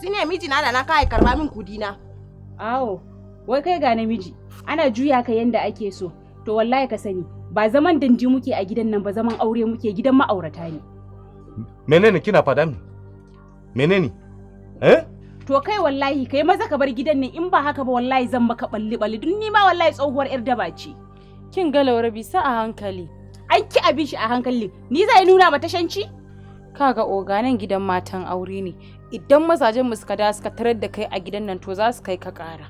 su ne mijina da na kai karba min kudina. Awo, wai kai ga namiji, ana juya ka yanda ake so, to wallahi ka sani, ba zaman dandi muke a gidan nan ba zaman aure muke gidan ma'aurata ne. Menene kina fada min? Menene? Eh? To kai wallahi kai maza ka bar gidan nan in ba haka ba wallahi zan maka balli balli dun ni ma wallahi tsohuwar yar daba ce. Kin ga Laura sa a hankali. An ki abin shi a hankali, ni zai nuna mata shanci? Kaga oganan gidan matan aure ne, idan mazajen mu suka da suka tarar da kai a gidan nan to za su kai ka ƙara.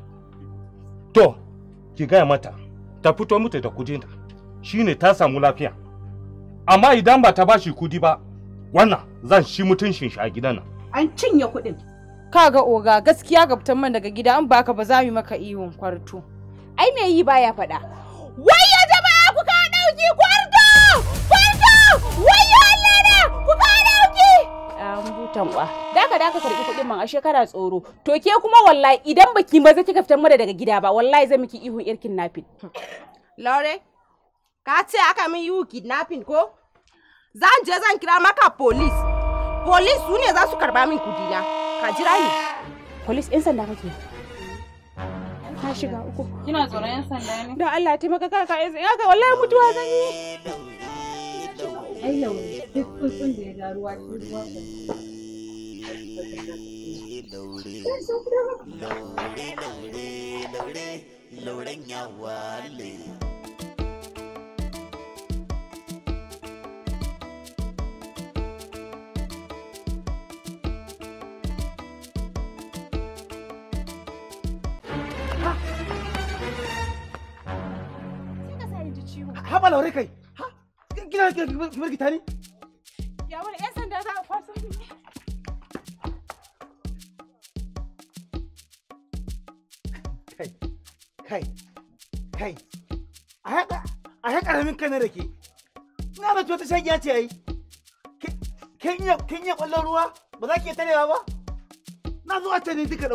To, ki gaya mata, ta fito mata da kudinta, shine ta samu lafiya. Amma idan ba ta bashi kudi ba, wannan zan shi mutuncin shi a gidan nan. An cinye kuɗin. Ka ga oga gaskiya gabtan man daga gida an baka ba za mu maka iwon kwarto. Ai me yi baya faɗa. Wai ya jama'a ku ka ɗauki rambutan butan Daka daka karbi kuɗin man a shekara tsoro to ke kuma wallahi idan baki maza kika fitar mu daga gida ba wallahi zan miki ihun irkin nafin lore ka ce aka min ihu kidnapping ko zan je zan kira maka police police su ne za su karba min kudi na. ka jira ni police in sanda kake ka shiga uku kina tsoron yan sanda ne da Allah taimaka kaka ka yan sanda wallahi mutuwa zan yi ai duk da ya ga ruwa shi ruwa Laure, laure, Haba laure kai, kina ki bar gita ne ya wani sanda za a kwaso kai kai kai a haka a kai na da ina da wata shagiya ce a kin kin iya kwallon ruwa ba za ki iya tarewa ba na zo a can ne duka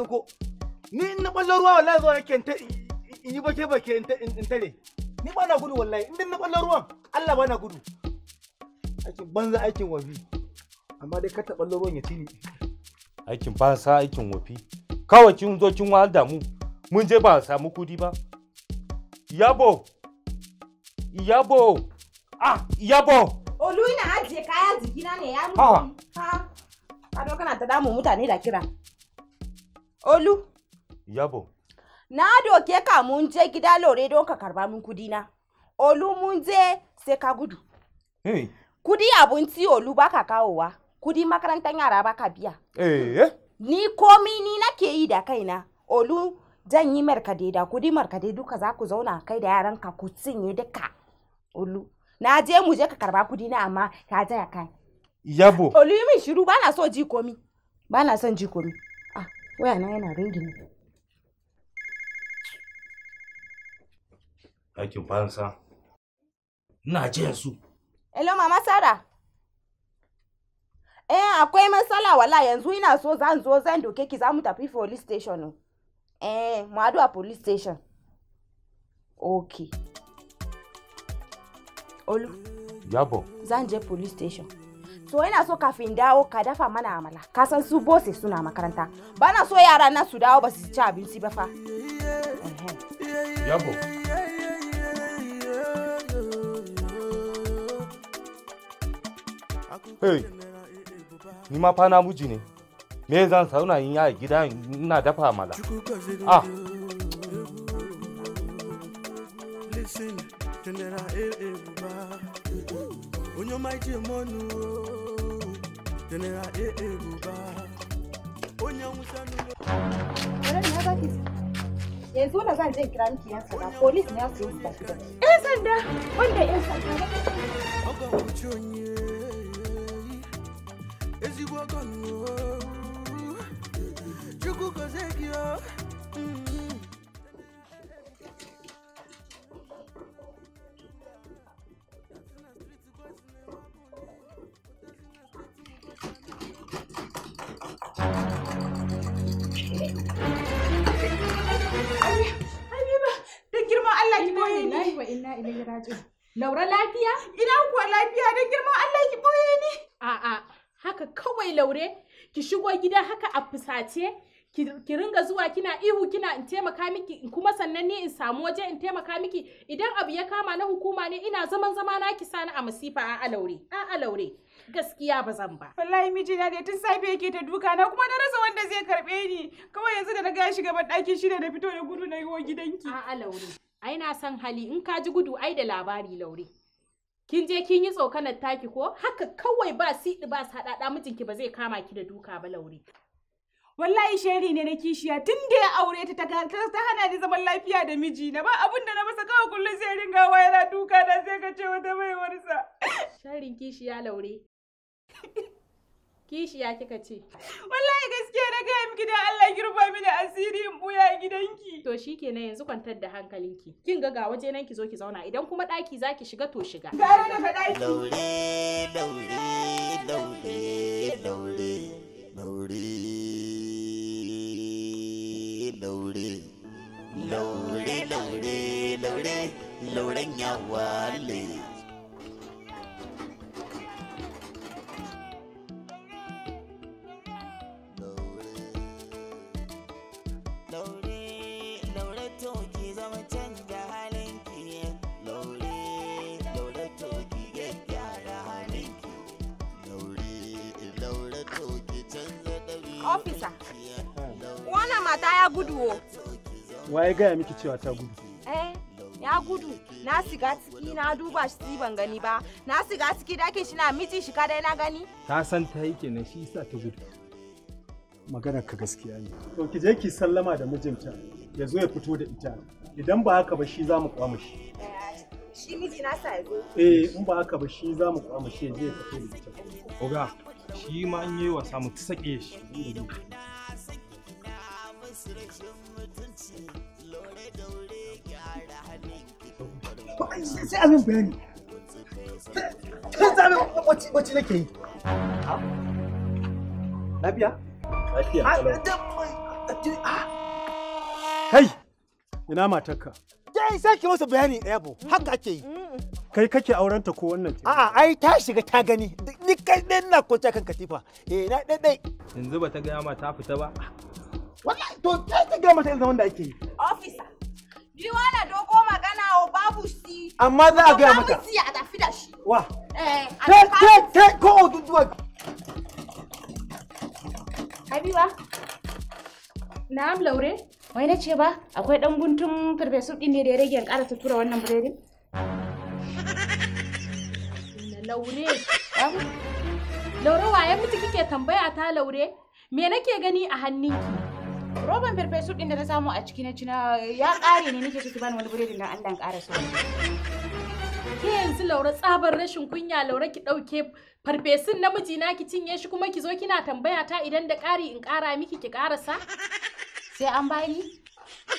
ni in na ruwa wallahi zo nake in yi bake bake in tare ni ba na gudu wallahi in na ballar ruwan Allah ba na gudu aikin banza aikin wafi amma dai ka ta ballar ruwan ya tini aikin banza aikin wafi kawai kin zo kin wahal da mu mun je ba samu kudi ba yabo yabo ah yabo olu ina ajiye kaya jikina ne ya mutu ha ka kana ta damu mutane da kira olu yabo na doke ka mun je gida lore don ka karba min kudi na olu mun je sai ka gudu hey. Eh. kudi abinci olu baka kawowa kudi makarantar yara baka biya eh. ni komi ni nake yi da kaina olu zan yi markade da kudi markade duka za ku zauna kai da yaran ka ku cinye duka olu na je mu je ka karba kudi na amma ka ya kai yabo olu yi min shiru na so ji komi na son ji komi ah waya na yana ne Hakin fansa. Ina jiyan su. Hello mama Sara. Eh akwai matsala wala yanzu ina so zan zo zan doke ki za mu tafi police station. Eh mu hadu a police station. Okay. Olu. Yabo. Zan je police station. So ina so kafin dawo ka dafa mana amala. Ka san su bose suna makaranta. Bana so yara na su dawo ba su ci abinci ba fa. Yabo. Hey, ni ma fa muji ne. Me zan sauna in ya gida ina dafa mala. Ah. Listen, na Yanzu wanda zan je kiran miki yan sanda. Police ne ya su yi Yan sanda, wanda yan sanda. Oga wuce onye. ezigbo ọgọnụ chukwu gozie gị o Laura lafiya? Ina kuwa lafiya don girma Allah ki boye ni. A'a, haka kawai laure ki shigo gida haka a fusace ki ringa zuwa kina ihu kina in taimaka miki kuma sannan ni in samu waje in taimaka miki idan abu ya kama na hukuma ne ina zaman zama na ki sani a masifa a alaure a alaure gaskiya ba zan ba wallahi miji na ne tun safe yake ta duka na kuma na rasa wanda zai karbe ni kawai yanzu da na ga shiga ban daki shida da fito da gudu na wa gidanki a alaure ai na san hali in ka ji gudu ai da labari laure kin je kin yi tsokanar taki ko haka kawai ba siɗi ba saɗaɗa mijinki ba zai kama ki da duka ba laure wallahi shari ne na kishiya tun da ya aure ta ta ta hana ni zaman lafiya da miji na ba abun da na masa kawai kullum sai ringa wa yana duka na sai ka ce wata baiwarsa sharin kishiya laure kishiya kika ce wallahi gaskiya na gaya miki da Allah girba mini asiri in buya gidanki to shikenan yanzu kwantar da hankalinki kin ga ga waje nan ki zo ki zauna idan kuma daki zaki shiga to shiga gara daga daki daure daure daure daure daure daure daure daure lauren ya wale ya gudu waye gaya miki cewa ta gudu eh ya gudu na siga ciki na duba shi ban gani ba na siga ciki dakin shi na miji shi kadai na gani ta san ta yi kenan shi yasa ta gudu magana ka gaskiya ne to ki je ki sallama da mijinta ya zo ya fito da ita idan ba haka ba shi za mu kwama shi shi miji na sa ya zo eh in ba haka ba shi za mu kwama shi ya je ya fito da ita oga shi ma an yi wasa mu ta sake shi rashin bayani kan zaɓe wacce nake yi ah, ah. kai ina matarka dai sai ki masa bayani ɗaya eh, bu haka ake yi kai kake auren ta ko wannan a'a ai ta shiga ta gani ni kai dai ina kwance kan katifa eh na dai yanzu ba ta ga ma ta fita ba To ta ta gama ta zaman da ake yi. Officer, Biwana dogo magana o babu si. Amma za a gaya mata. Babu si a tafi da shi. Wa. Eh, a Ta ta ko oduduwa. Habiba. am Laure. Wai na ce ba akwai ɗan guntun farfesu ɗin ne da ya rage in ƙara tura wannan biredin. Laure. Laure waye mutu kike tambaya ta Laure? Me nake gani a hannunki? Roban farfesu din da na samu a ciki na cina ya ƙare ne nake so bani wani buredin na Allah ƙara so. Ke yanzu Laura tsabar rashin kunya Laura ki ɗauke farfesun namiji na ki cinye shi kuma ki zo kina tambaya ta idan da ƙari in ƙara miki ki ƙarasa? Sai an bani?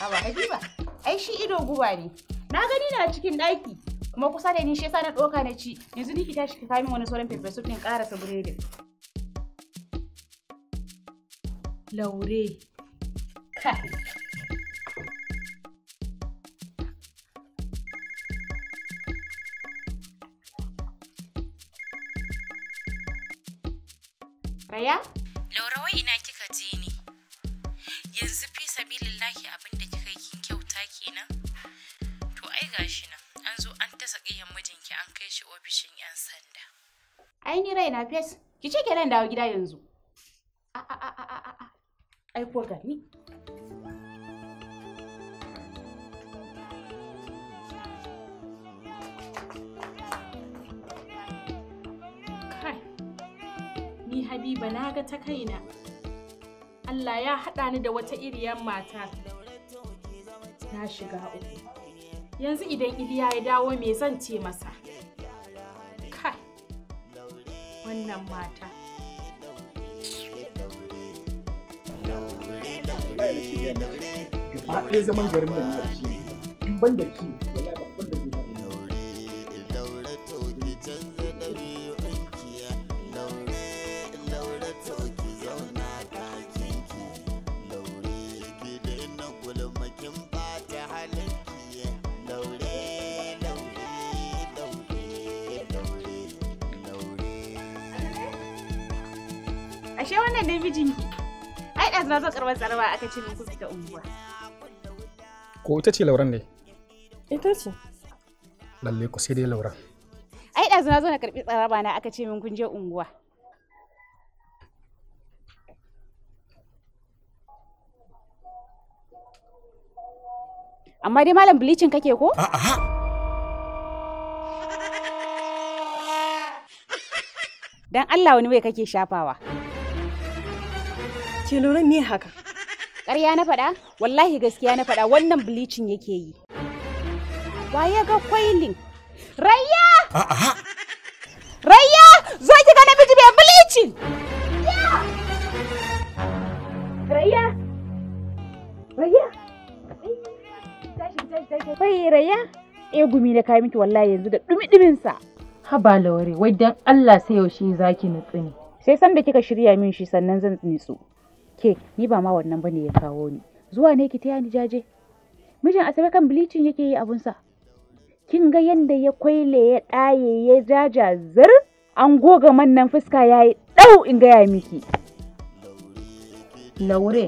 A ba ba. Ai shi ido guba ne. Na gani na cikin ɗaki. Kuma kusa da ni shi yasa na ɗoka na ci. Yanzu ni ki tashi ki wani sauran farfesu din ƙarasa buredin. Laure, Crappy. Raya? Laura wai ina kika je ni Yanzu fi sabilillahi abin da kika yi kin kyauta kenan? To ai gashi nan, an zo an tasa ƙiyan mijinki an kai shi ofishin 'yan sanda. Ai ni raina fes, ki ce kenan dawo gida yanzu. a a a a Ai ko gani? ta kaina Allah ya haɗa ni da wata iriyar mata na shiga uku yanzu idan iliya ya dawo me zan ce masa kai wannan mata Ba ɗaya zaman garin nan ya ce in ban da ki ma bakar matsarwa aka ce min fita unguwa. Ko ita ce lauran ne? Ita ce. Lalle ku sai dai lauran. Ai ɗazu na zo na karɓi tsaraba na aka ce min kun je unguwa. Amma dai malam bilicin kake ko? A'a. Dan Allah wani mai kake shafawa. Ke lura me haka? Ƙarya na faɗa? Wallahi gaskiya na faɗa wannan bleaching yake yi. Waye ga kwailin? Rayya! Rayya! Zo ki ga namiji mai bleaching! Rayya! Rayya! Bai Rayya! Eh gumi na kai miki wallahi yanzu da dumi sa. Haba lawari, wai dan Allah sai yaushe zaki nutsu ne. Sai san da kika shirya min shi sannan zan nutsu. ke ni ba ma wannan bane ya kawo ni zuwa ne ki taya ni jaje mijin asabe kan bilicin yake yi abun sa kin ga yadda ya kwaile ya ɗaye ya jaja zir an goga mannan fuska ya yi ɗau in gaya miki laure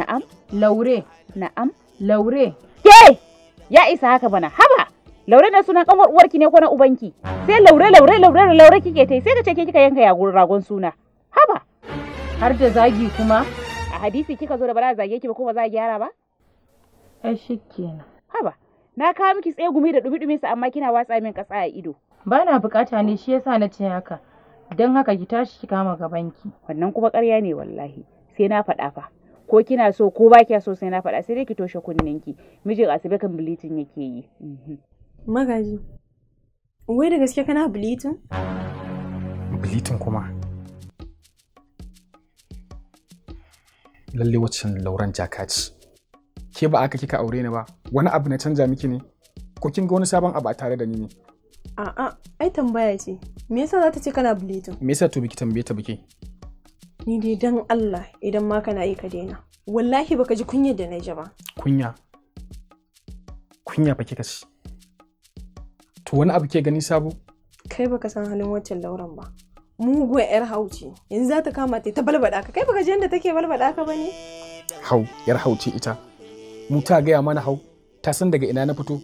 na'am laure na'am laure ke ya isa haka bana haba laure na sunan ƙanwar uwarki ne ko na ubanki sai laure laure laure laure kike tai sai ka ce kika yanka yagun ragon suna haba har da zagi kuma hadisi kika zo da ba za a zage ki ba ko ba za a gyara ba ai shi kenan. haba na kawo miki tsaye gumi da dumi sa amma kina watsa min ƙasa a ido ba na bukata ne shi yasa na ce haka don haka ki tashi ki kama gabanki wannan kuma ƙarya ne wallahi sai na faɗa fa ko kina so ko ba kiya so sai na faɗa sai dai ki toshe kunninki mijin asibe kan bilitin yake yi mhm. magaji wai da gaske kana bilitin bilitin kuma lalle wacin lauren jaka ce ke ba aka kika aure ni ba wani abu na canja miki ne ko kin ga wani sabon abu a tare da ni ne a'a ai tambaya ce me yasa za ta ce kana bulletin? me yasa to biki tambaye ta biki ni dai dan Allah idan ma kana yi ka daina wallahi baka ji kunyar da na ji ba kunya kunya fa kika ci to wani abu ke gani sabo kai baka san halin wacin lauren ba mugun yar hauci yanzu za ta kama ta balbada ka kai baka ji yadda take balbada ka bane hau yar hauci ita mu ta gaya mana hau ta san daga ina na fito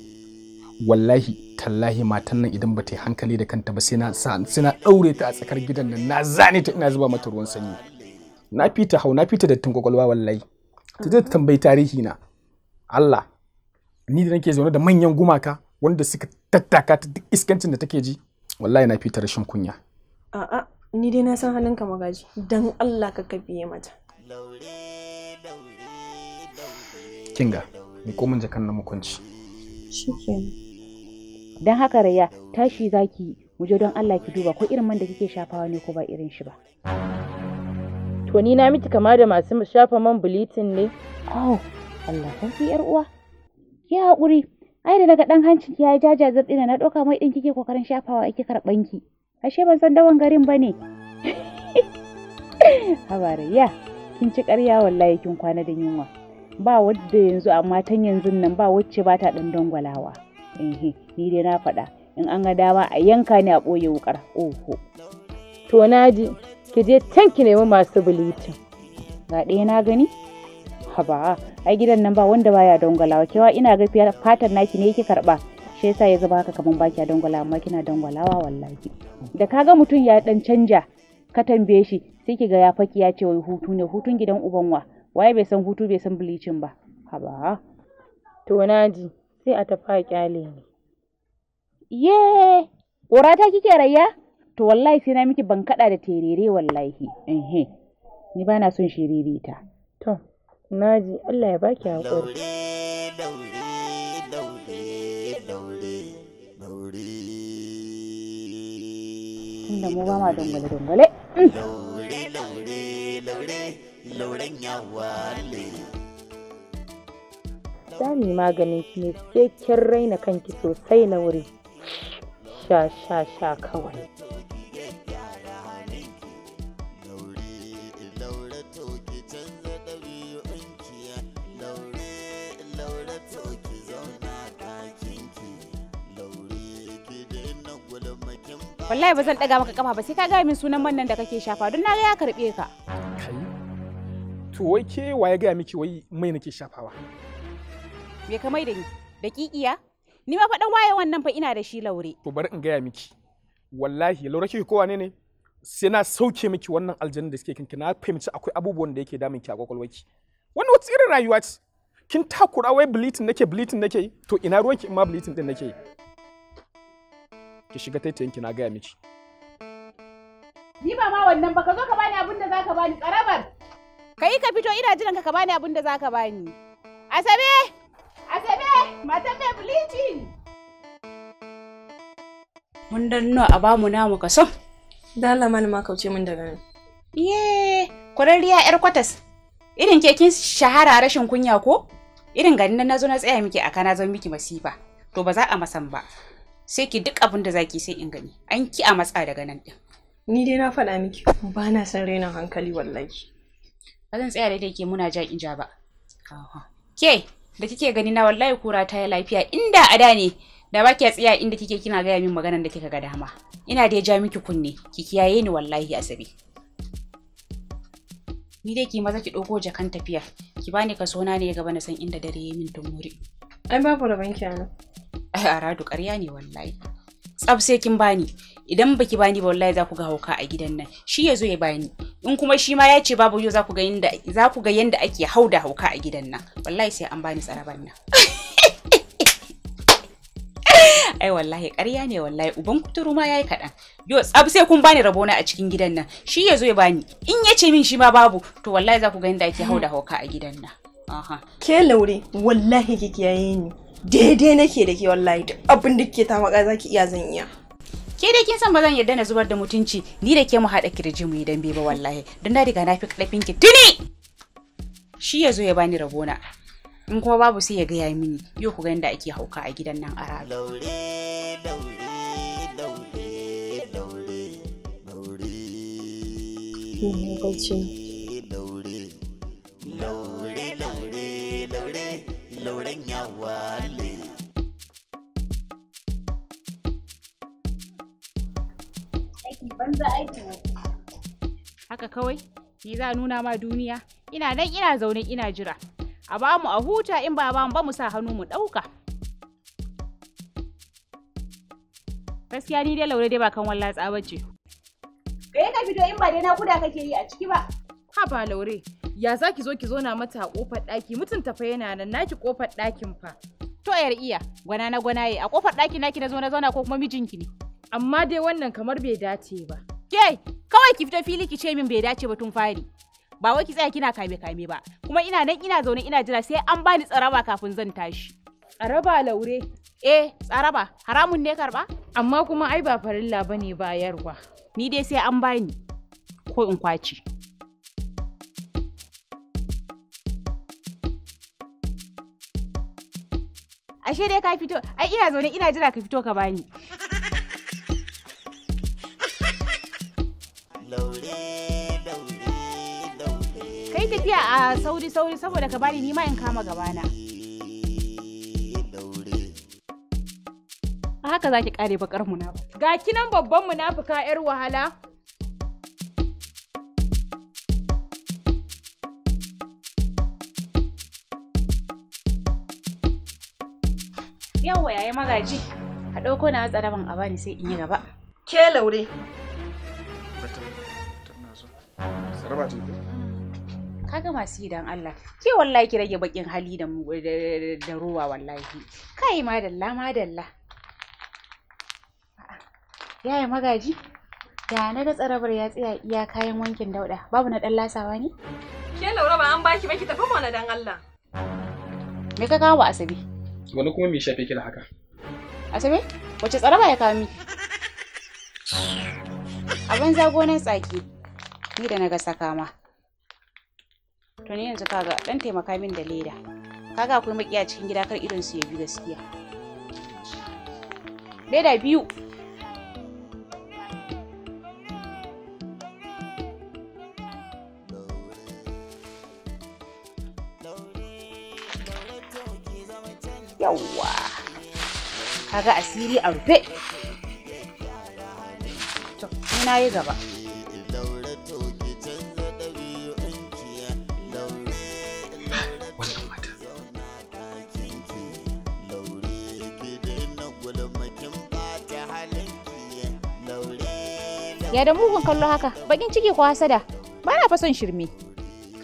wallahi tallahi matan nan idan ba ta hankali da kanta ba sai na ɗaure ta a tsakar gidan nan na zane ta ina zuba mata ruwan sanyi na fita hau na fita dattin kwakwalwa wallahi ta zai tambayi tarihi na Allah ni da nake zaune da manyan gumaka wanda suka tattaka ta duk iskancin da take ji wallahi na fita rashin kunya A'a, ni dai na san ka magaji, don Allah ka kabiye mata. Kinga, ni komin jakan na mukunci. Shikenan. Don haka raya tashi zaki muje don Allah ki duba ko irin man da kike shafawa ne ko ba irin shi ba. To ni na miki kama da masu shafa man bulletin ne? Oh, Allah sarki yar uwa. Ki haƙuri, ai da daga ɗan hancin ki ya jaja zaɗi na ɗauka mai din kike kokarin shafawa ake karɓan ki. ashe ban san dawan garin ba ne habariya kin ci ƙarya wallahi kin kwana da yunwa ba wadda yanzu amma tan yanzu nan ba wacce ba ta ɗan dangwalawa ehe ni dai na faɗa in an ga dama a yanka ni a ɓoye wukar oho to naji ki je can ki nemi masu bulitin ga ɗaya na gani haba ai gidan nan ba wanda baya dangwalawa kewa ina ga fatar naki ne yake karɓa shi yasa ya zama haka kaman baki a dangwala amma kina dangwalawa wallahi da kaga mutum ya dan canja ka tambaye shi sai ki ga ya faki ya ce wai hutu ne hutun gidan ubanwa. waye bai san hutu bai san bilicin ba haba to naji sai a tafa kyale ne ye ƙora ta kike rayya to wallahi sai na miki ban kada da terere wallahi ehe ni ba na son shiririta to naji Allah ya baki hakuri da mu ba ma dangwale dangwale mm. maganin ki ne sai kin raina kanki sosai na wuri. Sha sha sha kawai. wallahi ba zan daga maka kafa ba sai ka gaya min sunan man da kake shafa don na ga ya karbe ka kai to wai ke wa ya gaya miki wai mai nake shafawa me ka mai da ni dakikiya ni ma fa dan waye wannan fa ina da shi laure to bari in gaya miki wallahi laure kike kowa ne ne sai na sauke miki wannan aljanna da suke kinki na fahimci akwai abubuwan da yake damun ki a ki. wani wata irin rayuwa ce kin takura wai bleating nake bleating nake to ina ruwanki in ma bleating din nake ki shiga taitayin na gaya miki ni ba ma wannan ba ka zo ka bani abin da zaka bani karabar ka yi ka fito ina jiran ka bani abin da zaka bani asabe asabe matan mai bleaching mun nuna a bamu namu kaso dala malama kauce mun daga nan ye kwararriya yar kwatas irin ke kin shahara rashin kunya ko irin ganin nan nazo na tsaya miki aka na zan miki masifa to ba za a masan ba sai ki duk abin da zaki sai in gani an ki a matsa daga nan din ni dai na faɗa miki ba na san rainon hankali wallahi ba zan tsaya daidai ke muna ja in ja ba ke da kike gani na wallahi kura ta yi lafiya inda a da ne da ba kiya tsaya inda kike kina gaya min maganar da kika ga dama ina da ja miki kunne ki kiyaye ni wallahi asabi ni dai ki maza ki ɗauko jakan tafiya ki bani kaso na ne gaba na san inda dare ya min tumuri ai babu rabanki ana ai aradu ƙarya ne wallahi tsaf sai kin bani idan baki bani ba wallahi za ku ga hauka a gidan nan shi ya zo ya bani in kuma shi ma ya ce babu yau za ku ga yanda za ku ga yanda ake hauda hauka a gidan nan wallahi sai an bani tsaraban nan ai wallahi ƙarya ne wallahi uban kuturu ma yayi kaɗan yo tsab sai kun bani rabona a cikin gidan nan shi ya zo ya bani in ya ce min shi ma babu to wallahi za ku ga yanda ake hauda hauka a gidan nan aha ke laure wallahi kike yayi ni daidai nake da ke wallahi duk abin da ke ta maka zaki iya zan iya ke da kin san ba zan yarda na zubar da mutunci ni da ke mu haɗa kirji mu idan bai ba wallahi don na riga na fi ƙarfin ki tuni shi ya zo ya bani rabona in kuma babu sai ya gaya mini yau ku ga yadda ake hauka a gidan nan a hmm banza aiki haka kawai ni za nuna ma duniya ina nan ina zaune ina jira a ba mu a huta in ba ba mu sa hannu mu ɗauka gaskiya ni dai laure dai ba kan wallah ba ce yi ya fito in ba dai na kuda kake yi a ciki ba ha ba laure ya za ki zo ki zo na mata a ƙofar ɗaki mutunta fa yana nan naki ƙofar ɗakin fa to yar iya gwana na gwana a ƙofar ɗaki naki na zo na zauna ko kuma mijinki ne Amma dai wannan kamar bai dace ba. Ke, kawai ki fito fili ki ce min bai dace ba tun fari. Ba wai ki tsaya kina kame kame ba. Kuma ina nan ina zaune ina jira sai an bani tsaraba kafin zan tashi. Tsaraba laure. Eh, tsaraba, haramun ne karba? Amma kuma ai ba farilla bane bayarwa. Ni dai sai an bani ko in kwace. ashe dai ka fito ai ina zaune ina jira ka fito ka bani Kai tafiya a sauri sauri saboda ka bani nima in kama gabana. A haka za ki kare bakar munafuka. Ga kinan babban munafuka 'yar wahala. Yawwa yayi magaji, a ɗauko na tsaraban a bani sai in yi gaba. Ke laure, Raba ta mm. Kaga masu yi don Allah. Ke wallahi ki rage bakin hali da da ruwa wallahi. Kai ma dalla ma dalla. Yaya magaji? Da na ga tsarabar ya tsaya iya kayan wankin dauda. Babu na dan lasawa ne? Ke Laura ba an baki baki tafi mana dan Allah. Me ka kawo Asabe? Wani kuma me shafe ki da haka? Asabe, wace tsaraba ya kawo miki? Abin zagonan tsaki. ni da na ga saka ma to ni yanzu kaga dan taimaka min da leda kaga akwai makiya cikin gida kar idon su ya bi gaskiya leda biyu yawwa kaga asiri a rufe to na yi gaba ya da mugun kallo haka bakin ciki ko hasada ba na fa son shirme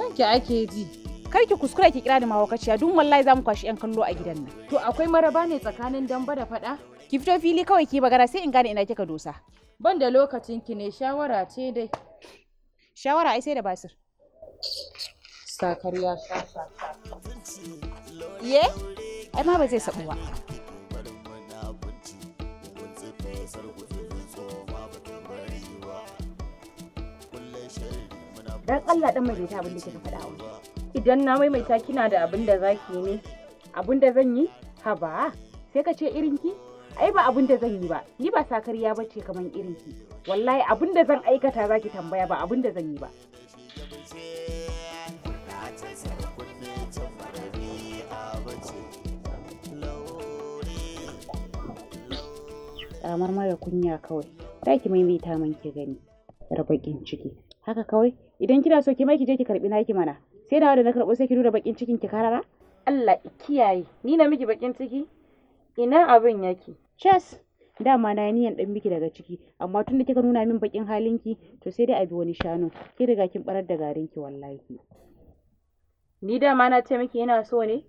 kanki ake ji kar ki kuskura ki kira da mahaukaciya duk wallahi zamu kwashi yan kallo a gidan nan to akwai maraba ne tsakanin damba da fada ki fito fili kawai ki bagara sai in gane ina kika dosa ban da lokacin ki ne shawara ce dai shawara ai sai da basir sakar ye ai ma ba zai sabu ba dan Allah dan maimaita abin da kika faɗa wa idan na maimaita kina da abin da zaki ne abin da zan yi haba sai ka ce irin ki. ai ba abin da zan yi ba ni ba sakariya bace kaman ki. wallahi abin da zan aikata zaki tambaya ba abin da zan yi ba tsamar mara kunya kawai za ki maimaita man ki gani rabakin ciki haka kawai idan kina so ki mai ki je ki karbi naki mana sai da da na karbo sai ki nuna bakin cikin ki karara Allah kiyaye ni na miki bakin ciki ina abin yake chess dama na niyan dan miki daga ciki amma tun da kika nuna min bakin halinki to sai dai a bi wani shanu ki riga kin barar da garin ki wallahi ni dama na ce miki yana so ne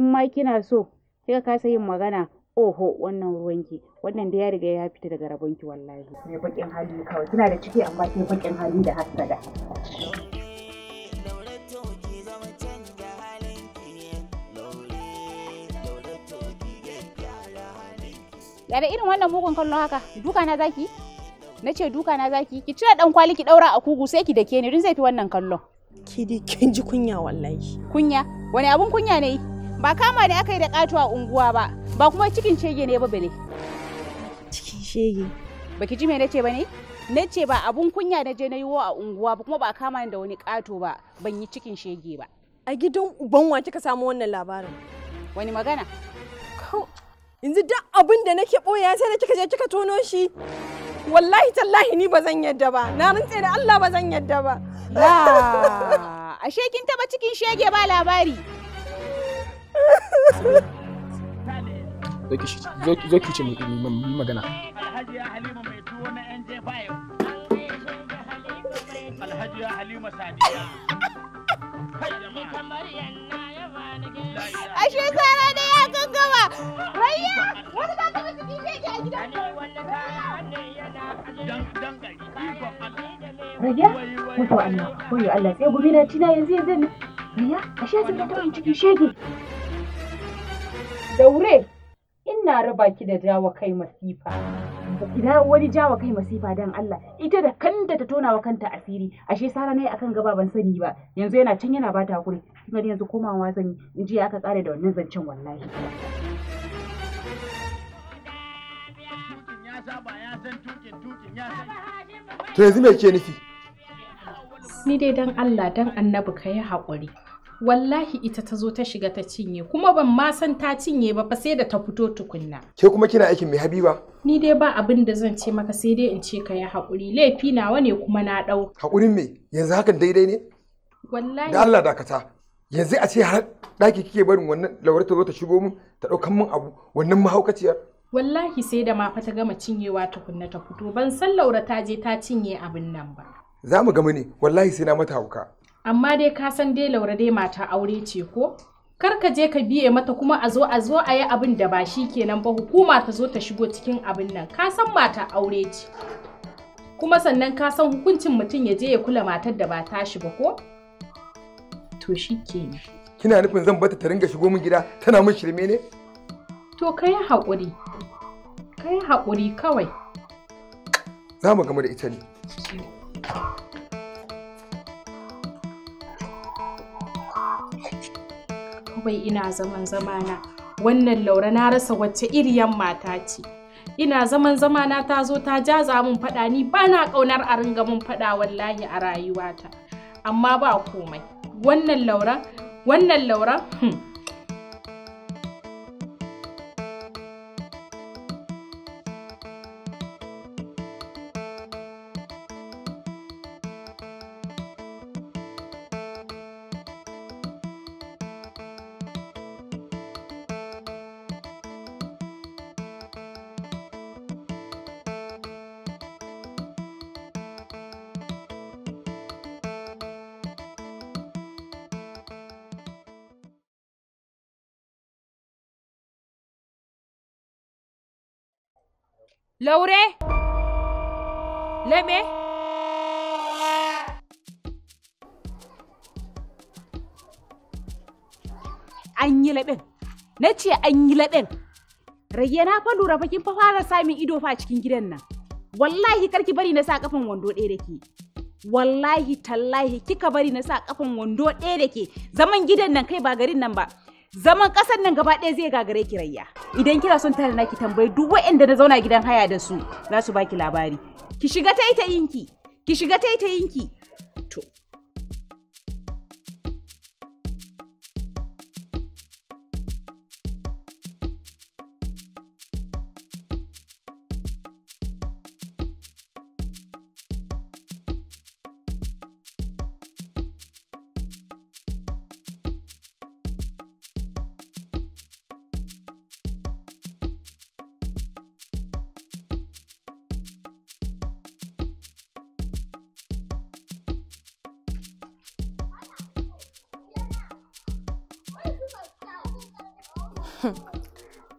in ma kina so kika kasa yin magana oho wannan ruwanki wannan da ya riga ya fita daga rabonki wallahi mai bakin hali kawai kina da ciki amma sai bakin hali da hasada ya da irin wannan mugun kallon haka duka na zaki na ce duka na zaki ki cire dan kwali ki daura a kugu sai ki dake ni rin zai fi wannan kallon ki dai kin ji kunya wallahi kunya wani abun kunya ne ba kama ne aka yi da katuwa unguwa ba ba kuma cikin shege ne ba bane cikin shege baki ji me nace bane na ce ba abun kunya na je na yiwo a unguwa ba kuma ba kama ne da wani kato ba ban yi cikin shege ba a gidan uban wa kika samu wannan labarin wani magana yanzu duk abin da nake boya sai da kika je kika tono shi wallahi tallahi ni ba zan yadda ba na rantse da Allah ba zan yadda ba ashe kin taba cikin shege ba labari zo ki ce mai magana alhajiya halima sadiya a shekara da ya gaggawa rayya wani za ka masa kishe ki a gidan Raiya, mutu Allah koyo Allah sai gumi na tina yanzu yanzu rayya Raiya, ashe asibiti ta wani cikin shege Daure, ina raba ki da jawa kai masifa. Ina wani jawa kai masifa dan Allah, ita da kanta ta tona wa kanta asiri, ashe Sara ne akan gaba ban sani ba, yanzu yana can yana bata hakuri, kuma yanzu komawa sani, in ji aka tsare da wannan zancen wallahi. To yanzu me ke nufi? Ni dai dan Allah dan annabi ka yi haƙuri. wallahi ita ta zo ta shiga ta cinye kuma ban ma san ta cinye ba fa sai da ta fito tukunna ke kuma kina aikin mai habiba ni dai ba abin da zan ce maka sai dai in ce ka yi haƙuri laifi nawa ne kuma na ɗau haƙurin me yanzu hakan daidai ne wallahi da Allah dakata yanzu a ce har ɗaki kike barin wannan lawar ta zo ta shigo mun ta ɗaukan mun abu wannan mahaukaciyar wallahi sai da ma fa ta gama cinyewa tukunna ta fito ban san laura ta je ta cinye abin nan ba za mu gama ne wallahi sai na mata hauka amma dai ka san dai laura dai mata aure ce ko kar ka je ka biye mata kuma a zo a zo a yi abin da ba shi kenan ba hukuma ta zo ta shigo cikin abin nan ka san mata aure ce kuma sannan ka san hukuncin mutum ya je ya kula matar da ba tashi ba ko to shi kenan kina nufin zan bata ta ringa shigo min gida tana min shirme ne to kai haƙuri kai haƙuri kawai za mu gama da ita ne komai ina zaman zamana wannan laura na rasa wacce iriyan mata ce ina zaman zamana ta zo ta jaza mun faɗa ni ba na ƙaunar a ringa mun faɗa wallahi a rayuwata amma ba komai wannan laura wannan laura hmm. Laure? Leme! An yi laɓin. Na ce an yi laɓin. Rage na fa lura fa kin fa fara samun ido fa cikin gidan nan. Wallahi karki bari na sa kafan wando ɗaya da ke. Wallahi tallahi kika bari na sa kafan wando ɗaya da ke. Zaman gidan nan kai ba garin nan ba. Zaman ƙasar nan gaba ɗaya zai gagare ki rayya. idan kina son tare na ki tambayi duk wayanda na zauna gidan haya da su za su baki labari ki shiga yinki ki shiga yinki.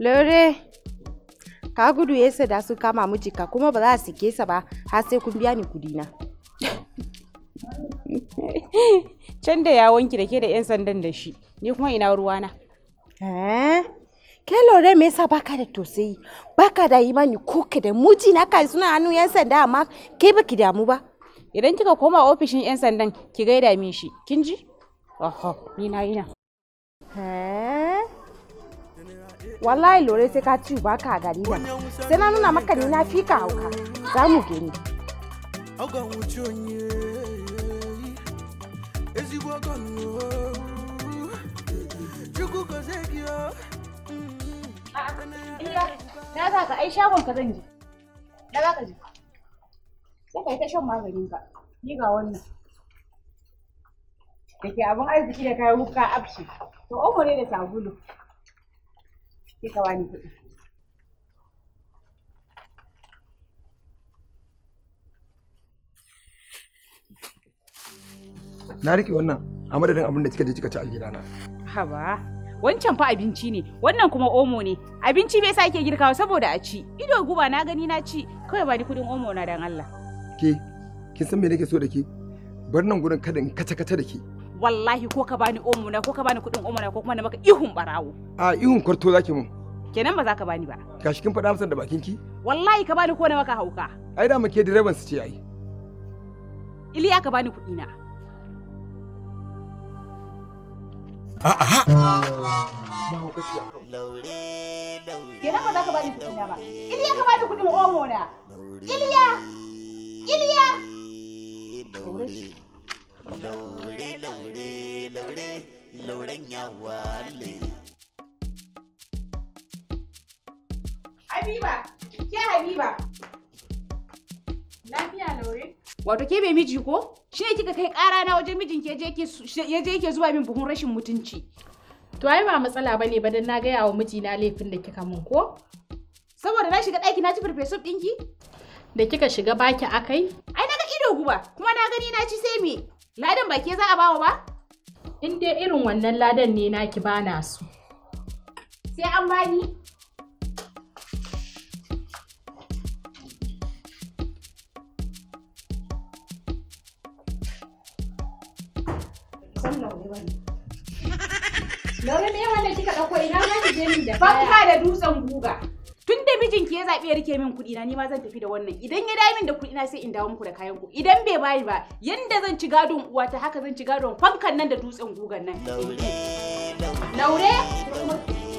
lore ka gudu ya da su kama miji ka kuma ba za su sike sa ba har sai kun biya ni kudi na can da ya wanki da ke da yan sandan da shi ni kuma ina ruwana eh, ke lore me yasa baka da tausayi baka da imani ko ka da miji na kai suna hannu yan sanda amma ke baki damu ba idan kika koma ofishin yan sandan ki gaida min shi kin ji oho ni na ina eh. wallahi lore sai ka ci ba ka gari da sai na nuna maka ni na fi ka hauka za mu gani Na za ka ai shagon ka zan je. Na za ka je. Sai ka yi ta shan maganin ka. Ni ga wannan. Da ke abin arziki da kayan wuka abshi. To, omo ne da sabulu. na rike wannan a madadin abin da kika je kika ci a gidana ba. wancan fa abinci ne wannan kuma omo ne abinci bai sa ke girkawa saboda a ci ido guba na gani na ci kawai bani ni kudin omo na dan Allah ke kin san me nake so da ke bar nan gurin kada in kace kace da ke wallahi ko ka bani omo na ko ka bani kudin omo na ko kuma na maka ihun barawo a ihun kwarto zaki mun kenan ba za ka bani ba gashi kin faɗa masa da bakin ki wallahi ka bani ko na maka hauka ai da muke direban su ce ai iliya ka bani kuɗi na A'a. Kenan ba za ka bani kuɗi na ba. Iliya ka bani kudin omo na. Iliya! Iliya! ke Habiba. Lafiya laure? Wato ke mai miji ko? Shi ne kika kai ƙara na wajen mijin ke je yake zuwa min buhun rashin mutunci. To ai ba matsala bane ba dan na gaya wa mijina laifin da kika min ko? Saboda na shiga ɗaki na ci farfesu ɗinki? Da kika shiga baki akai? Ai na ga ido guba kuma na gani na ci sai me? Ladan ba ke za a bawa ba? in dai irin wannan ladan ne naki bana su sai an bani Lauri ne wanda kika ɗauko ina za ki je ni da Banka da dutsen guga. mijinki ya zaɓi ya rike min kuɗi na ni ma zan tafi da wannan idan ya dai min da kuɗi na sai in dawo muku da kayan ku idan bai bayi ba yanda zan ci gadon uwata haka zan ci gadon fankan nan da dutsen gugan nan. Laure. Laure.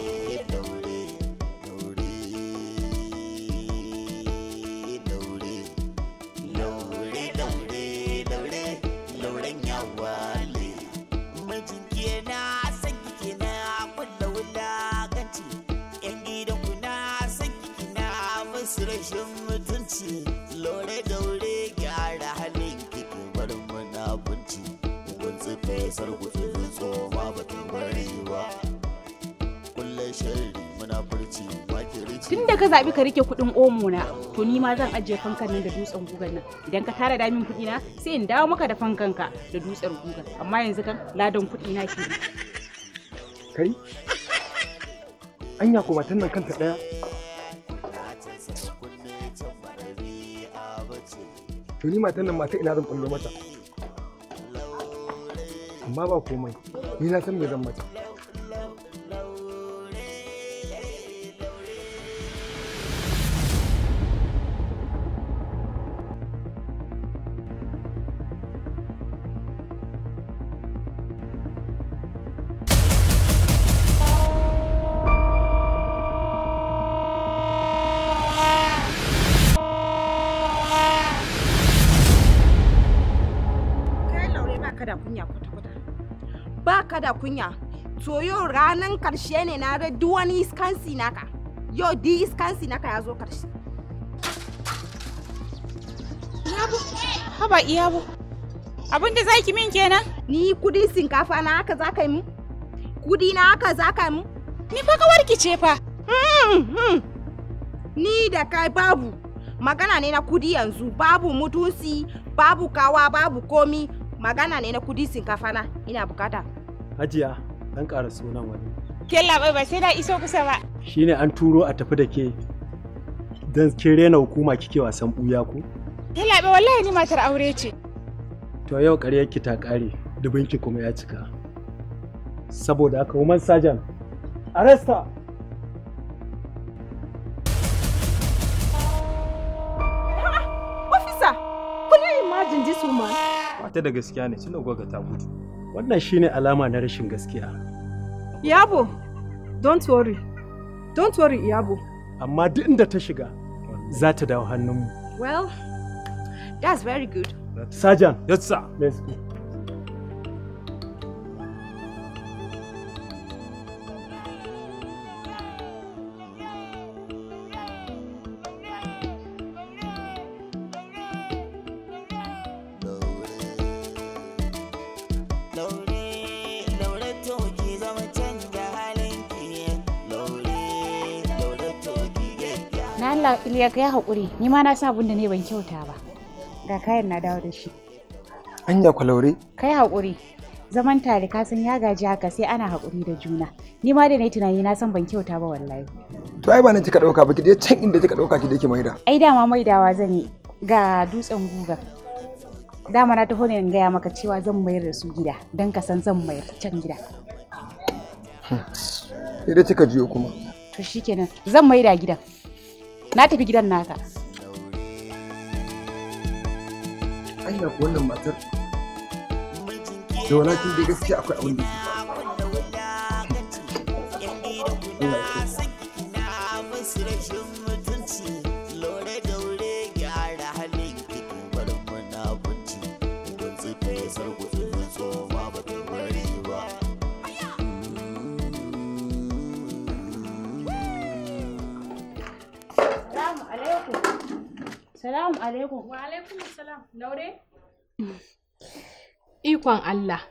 tun da ka zaɓi ka rike kuɗin omo na to ni ma zan ajiye fankan nan da dutsen gugan nan idan ka tara damin kuɗi na sai in dawo maka da fankan ka da dutsen gugan amma yanzu kan ladan kuɗi na ke kai anya ko matan nan kanta ɗaya to ni matan nan mata ina zan ɓullo mata amma ba komai ni na san me zan mata da kunya to yau ranan karshe ne na da duk wani iskansi naka yau di iskansi naka ya zo karshe iyabu haba iyabu abin da zaki min kenan ni kudi shinkafa na haka za ka yi mu kudi na haka za ka yi mu ni fa kawarki ce fa hmm, hmm. ni da kai babu magana ne na kudi yanzu babu mutunsi babu kawa babu komi magana ne na kudi shinkafa na ina bukata hajiya dan ƙara sunan wani Ke bai ba sai da iso kusa ba shine an turo a tafi da ke dan ke rena hukuma kike wasan buya ko Ke bai wallahi ni matar aure ce to yau ƙaryar ki ta ƙare dubin ki kuma ya cika saboda haka woman sajan arresta officer could you imagine this woman wata da gaskiya ne tun da ta gudu Wannan shine alama na rashin gaskiya. Iyabo, don't worry. Don't worry, Iyabo. Amma duk inda ta shiga, za ta dawo hannunmu. Well, that's very good. Sajan. Yes, sir. Let's go. a Iliya ya haƙuri ni ma na sa abin da ne ban kyauta ba ga kayan na dawo da shi anya kwalaure kai haƙuri zaman tare ka san ya gaji haka sai ana haƙuri da juna ni ma da yi tunani na san ban kyauta ba wallahi to ai ba nan kika dauka ba ki je can inda kika dauka ki da ke maida ai dama maidawa zan yi ga dutsen guga dama na taho ne in gaya maka cewa zan mayar da su gida don ka san zan mayar can gida hmm. idan kika jiyo kuma to shikenan zan maida gidan na tafi gidan naka anya ko wannan matar da walakin da gaskiya akwai abin da ke Salamu alaikum. Wa alaikum salam. Laure? Ikon Allah.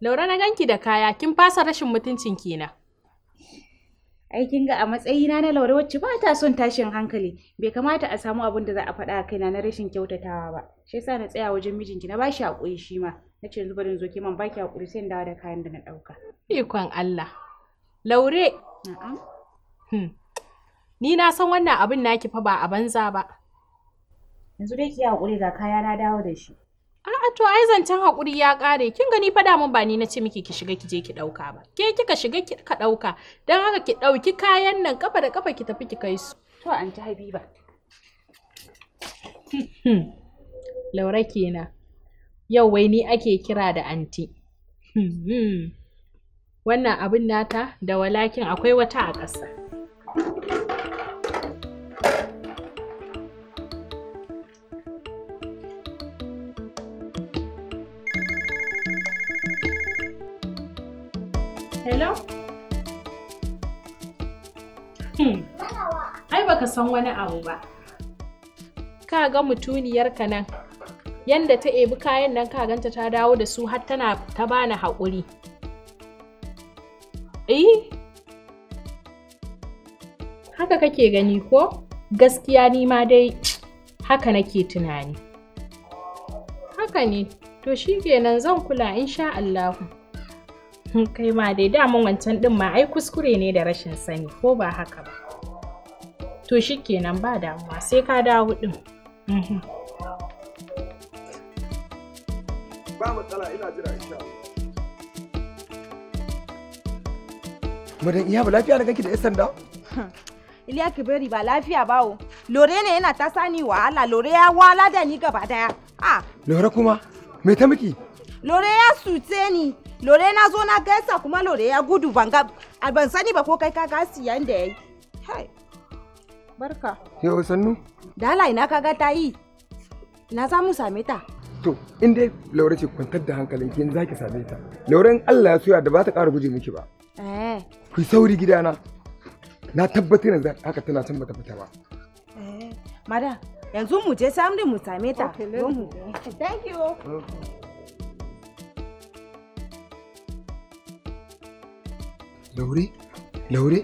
Laure na ganki da kaya, kin fasa rashin mutuncin kina. Ai kin ga a matsayina na Laure wacce ba ta son tashin hankali, bai kamata a samu abin da za a faɗa kai kaina na rashin kyautatawa ba. Shi yasa na tsaya wajen mijinki na bashi hakuri shi ma. Na ce yanzu bari zo man baki hakuri sai dawo da kayan da na ɗauka. Ikon Allah. Laure. Na'am. Hmm. Ni na san wannan abin naki fa ba a banza ba. yanzu dai ki haƙuri ga kaya na dawo da shi a'a to ai zancen hakuri ya ƙare kin gani fada mun ba ni na ce miki ki shiga ki je ki ɗauka ba ke kika shiga ki ka ɗauka don haka ki ɗauki kayan nan kafa da kafa ki tafi ki kai su to an ta habiba hmm. laura kenan yau wai ni ake kira da anti hmm. hmm. wannan abin nata da walakin akwai wata a ƙasa baka san wani abu ba ka ga mutuniyar ka nan Yadda ta ebi kayan nan ka ganta ta dawo da su har tana ta bani haƙuri eh haka kake gani ko gaskiya ni ma dai haka nake tunani haka ne to shi nan zan kula insha Allahu kai ma dai daman wancan din ma ai kuskure ne da rashin sani ko ba haka ba to shi kenan ba damuwa sai ka dawo din mhm. ba matsala ina jira Madan iya ba lafiya da kake da isan da? Iliya Kibiri ba lafiya bawo. Lore ne yana ta sani wahala, Lore ya wala da ni gaba daya. Ah. Lore kuma? Me ta miki? Lore ya sute ni. Lore na zo na gaisa kuma Lore ya gudu ban ban sani ba ko kai ka gasi yanda yayi. Hai. Barka. Yau sannu. Dala ina kaga ta yi. Na samu same ta. To, in dai Laure ce kwantar da hankalin ki za ki same ta. Lauren Allah ya soya da ba ta ƙara guje miki ba. Eh. Ku sauri gidana. Na tabbatar da haka tana can bata fita ba. Eh. Mada, yanzu mu je din mu same ta. Thank you. Laure, Laure,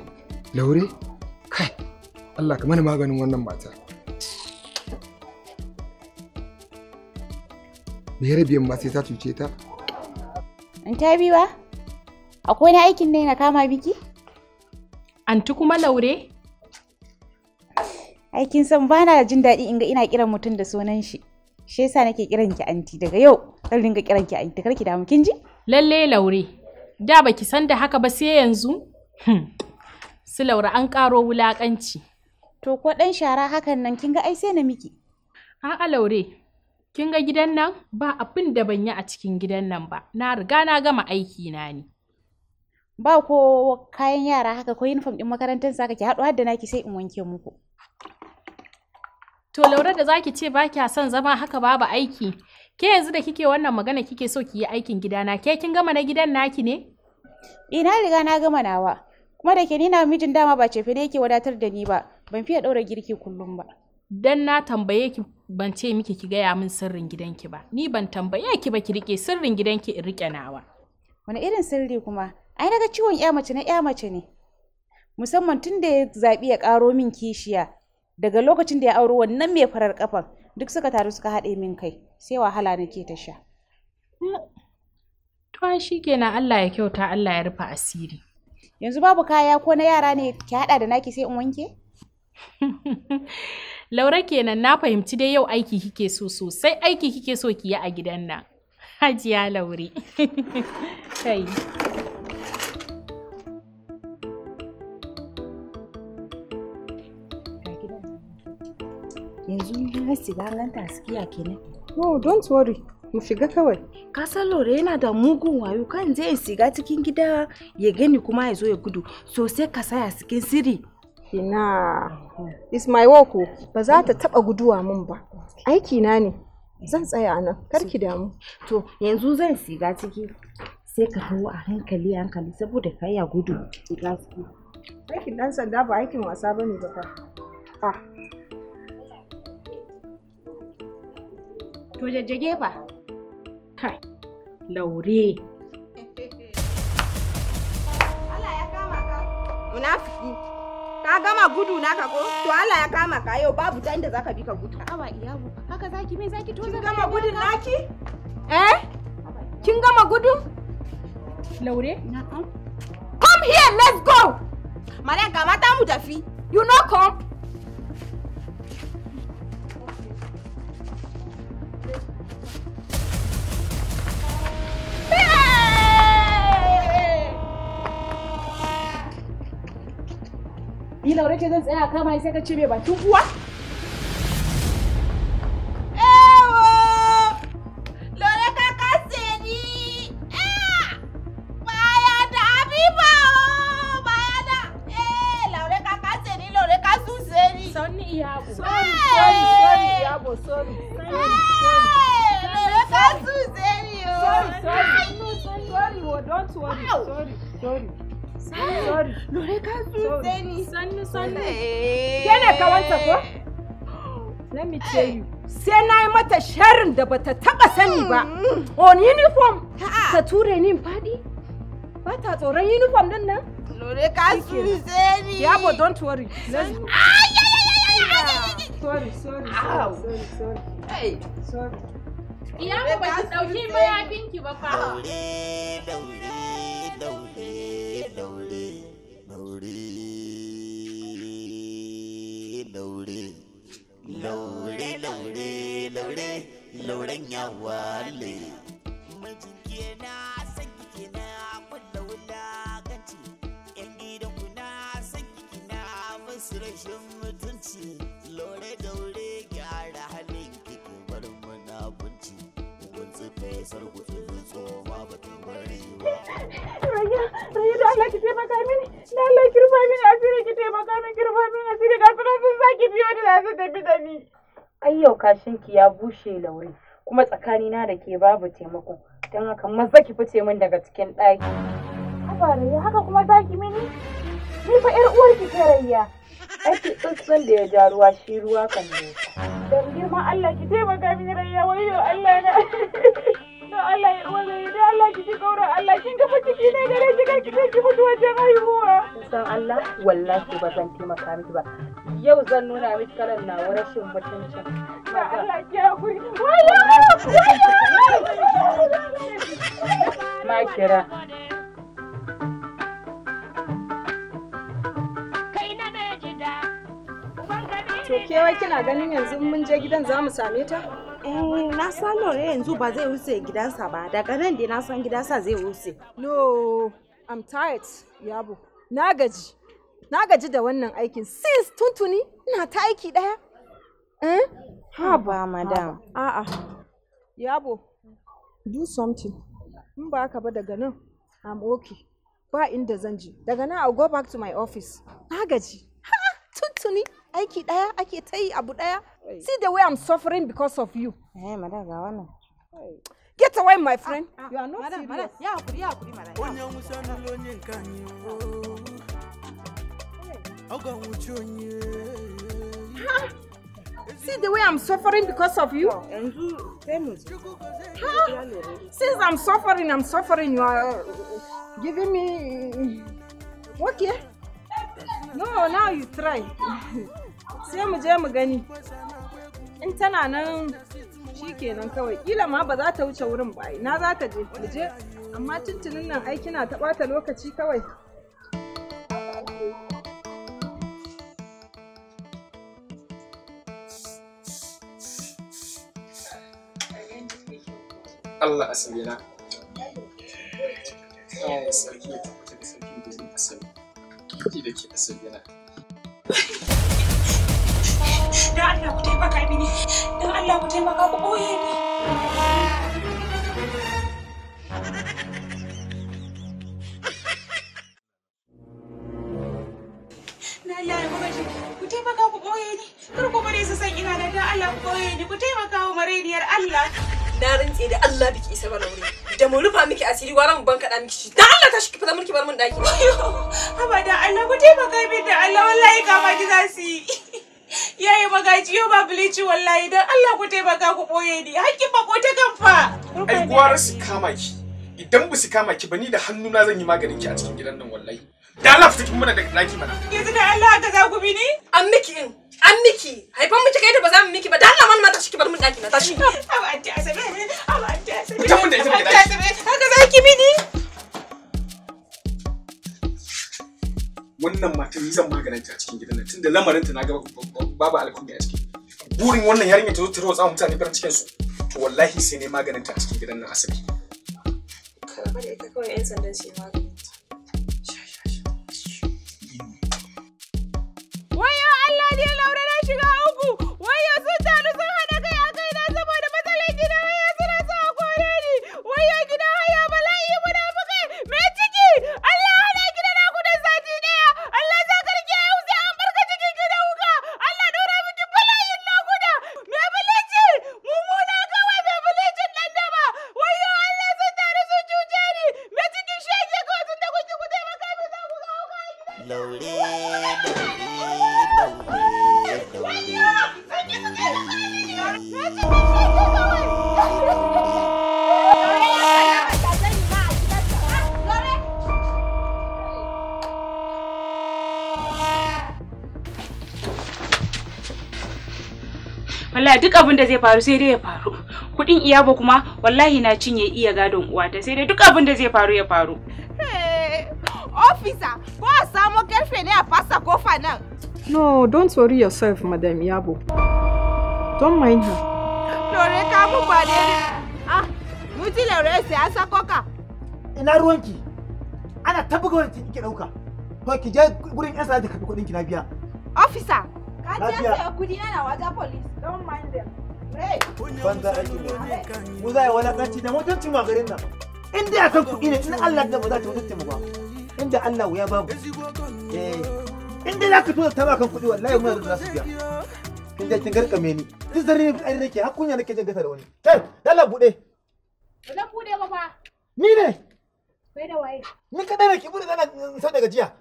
Laure. Allah ka mana maganin wannan mata me rabiyan ma sai ta cuce ta an ta biwa akwai na aikin ne na kama biki anti kuma laure aikin san bana jin daɗi in ga ina kiran mutum da sunan shi shi yasa nake kiran ki anti daga yau zan dinga kiran ki anti karki damu kin ji lalle laure da baki san da haka ba sai yanzu hmm. su laura an karo wulakanci To ko ɗan shara hakan nan kin ga ai sai na miki. A'a Laure, kin ga gidan nan ba abin da ban yi a cikin gidan nan ba, na riga na gama aiki na ne. Ba ko kayan yara haka ko uniform ɗin makarantar saka ki haɗu da naki sai in wanke muku. To Laure da zaki ce ba kya son zama haka babu aiki, ke yanzu da kike wannan magana kike so ki yi aikin gidana, ke kin gama na gidan naki ne? Ina eh, riga na gama nawa, kuma da ke ni na mijin dama ba cefe ne yake wadatar da ni ba, ban fiye ɗaura girki kullum ba dan na tambaye ki ban ce miki ki gaya min sirrin gidanki ba ni ban tambaye ki ba ki rike sirrin gidanki in rike nawa wani irin sirri kuma ai naga ciwon ƴa mace na ƴa mace ne musamman tun da ya zaɓi ya ƙaro min kishiya daga lokacin da ya auri wannan mai farar ƙafan duk suka taru suka haɗe min kai sai wahala nake ta sha to shi kenan Allah ya kyauta Allah ya rufe asiri yanzu babu kaya ko na yara ne ki haɗa da naki sai in wanke Laura kenan na fahimci dai yau aiki kike so sosai aiki kike so ki yi a gidan nan. Hajiya Laure. Kai. Yanzu na ta sikiya kenan. No, don't worry. mu shiga kawai. Ka san Lore yana da mugun wayo kan zai siga cikin gida ya gani kuma ya zo ya gudu. So sai ka saya cikin sirri. ina is my ba za ta taba guduwa mun ba aiki na ne zan tsaya a nan ki damu to yanzu zan siga ciki sai ka hau a hankali hankali saboda ka ya gudu siga aikin dan sanda ba aikin wasa bane ba fa ah. to jajjage ba. kai laure munafiki Ka gama gudu na ka ko? To Allah ya kama ka yau babu ta inda zaka bi ka gudu. Awa iyabu, haka zaki me zaki to zaka gama gudu naki? Eh? Kin gama gudu? Laure? Na'am. Come here, let's go. mare ga mata mu tafi. You no come. ni laure ce zan tsaya kama sai ka ce mai batun uwa lore ka tsutse ni sannu sannu kawanta ko sai na yi mata sharin da bata taba sani ba mm. on uniform ta ture ni fadi ba ta tsoron uniform din nan lore ka tsutse ni yabo don't worry let's go sorry sorry sorry sorry sorry sorry Iyabo ba ki dauki mayafinki ba fa. Aure laure laure laure laure lauren nyawale yan na san rashin mutunci laure daure gyara halin kike bar mana bunci fesar gutsu raina raina da Allah ki taimaka mini da Allah ki taimaka mini sun saki da da ai yau kashinki ya bushe lauri kuma tsakanina da ke babu taimako don haka maza ki fice min daga cikin ɗaki haba rayya haka kuma ki mini ni fa ƴar uwarki ta rayya Aiki tsotson da ya ja ruwa shi ruwa kan dosa don girman Allah ki taimaka mini rayya wayo Allah na don Allah ya wani da Allah ki ji kauran Allah kin gaba ciki ne gare ki kai ki je ki mutu wajen haihuwa san Allah wallahi ba zan taimaka miki ba yau zan nuna miki kalan na rashin mutunci ba Allah ki hakuri ma kira To kewa kina ganin yanzu mun je gidan za mu same ta? Eh, na san lore yanzu ba zai wuce gidansa ba daga nan dai na san gidansa zai wuce no i'm tired yabo na gaji na gaji da wannan aikin since tuntuni ina ta aiki daya eh? ha ba madam a'a yabo do something in ba ka ba daga nan i'm okay ba inda zan je daga nan i'll go back to my office na gaji ha tuntuni aiki daya ake ta yi abu daya See the way I'm suffering because of you. Eh, madam, ga wannan. Get away, my ah, friend. Ah, ah, you are not madam, serious. Madam, madam. Onye nwụsa n'ụlọ onye nke See the way I'm suffering because of you. Since I'm suffering, I'm suffering. You are uh, giving me. Okay. No, now you try. sai mu je mu gani in tana nan shi kenan kawai kila ma ba za ta wuce wurin ba na za ta je mu je amma tuntunin nan ai kina ta ɓata lokaci kawai Allah asabina. Allah eh, ya sarki ya tabbata da sarki da asali. Ki da ke asabina. don Allah ku taimaka mini don Allah ku taimaka ku ɓoye ni na Allah ya buga ku taimaka ku ɓoye ni kar ku bari su san ina da don Allah ku ɓoye ni ku taimaka wa mareniyar Allah na rintse da Allah biki isa ba laure da mu rufa miki asiri gwara mu banka da miki shi dan Allah ta shi fita miki bar mun daki haba da Allah ku taimaka min da Allah wallahi ma ki za su yi ya yi magaji yau ba bilici wallahi dan Allah ku taimaka ku boye ni hakkin ba ko ta gamfa ai gwara su kama ki idan ba su kama ki ba ni da hannuna zan yi maganin ki a cikin gidan nan wallahi da Allah fita kin mana daga daki mana yanzu da Allah ka za ku bi ni an miki in an miki haifan miki kai da ba za mu miki ba da Allah man mata shi ki bar mun daki na tashi abu anti asabe abu anti asabe ta mun da ita daga daki haka za ki bi ni wannan matan nisan zan maganin ta cikin gidan nan tunda lamarin ta naga babu alkumi a ciki burin wannan yarinya ta zo ta rotsa mutane farin cikin su to wallahi sai ne maganin ta cikin gidan nan asali karɓar ita kawai 'yan sandan su yi Wayo Allah ne laure na shiga abin da zai faru sai dai ya faru kudin iyabo kuma wallahi na cinye iya gadon uwata sai dai duk abin da zai faru ya faru officer ko a samu karfe ne a fasa kofa nan no don't worry yourself madam iyabo don't mind her lore ka mu ba ne ah muti lore sai an sako ka ina ruwanki ana ta buga wani ki dauka to ki je gurin yan sanda ka karbi kuɗin ki na biya officer ka je sai kuɗi na police don't mind them banza aiki ne mu za a yi walakanci da mutuncin ma garin nan inda ya san kuɗi ne in Allah da ba za ta mutunce mu ba inda Allah ya babu eh inda za ka tura ta kan kuɗi wallahi mu za su biya kin je kin garkame ni duk zarri ne ai nake har kunya nake jin gasa da wani kai dala bude dala bude ba fa ni ne kai da waye ni kada nake bude dana sau daga jiya.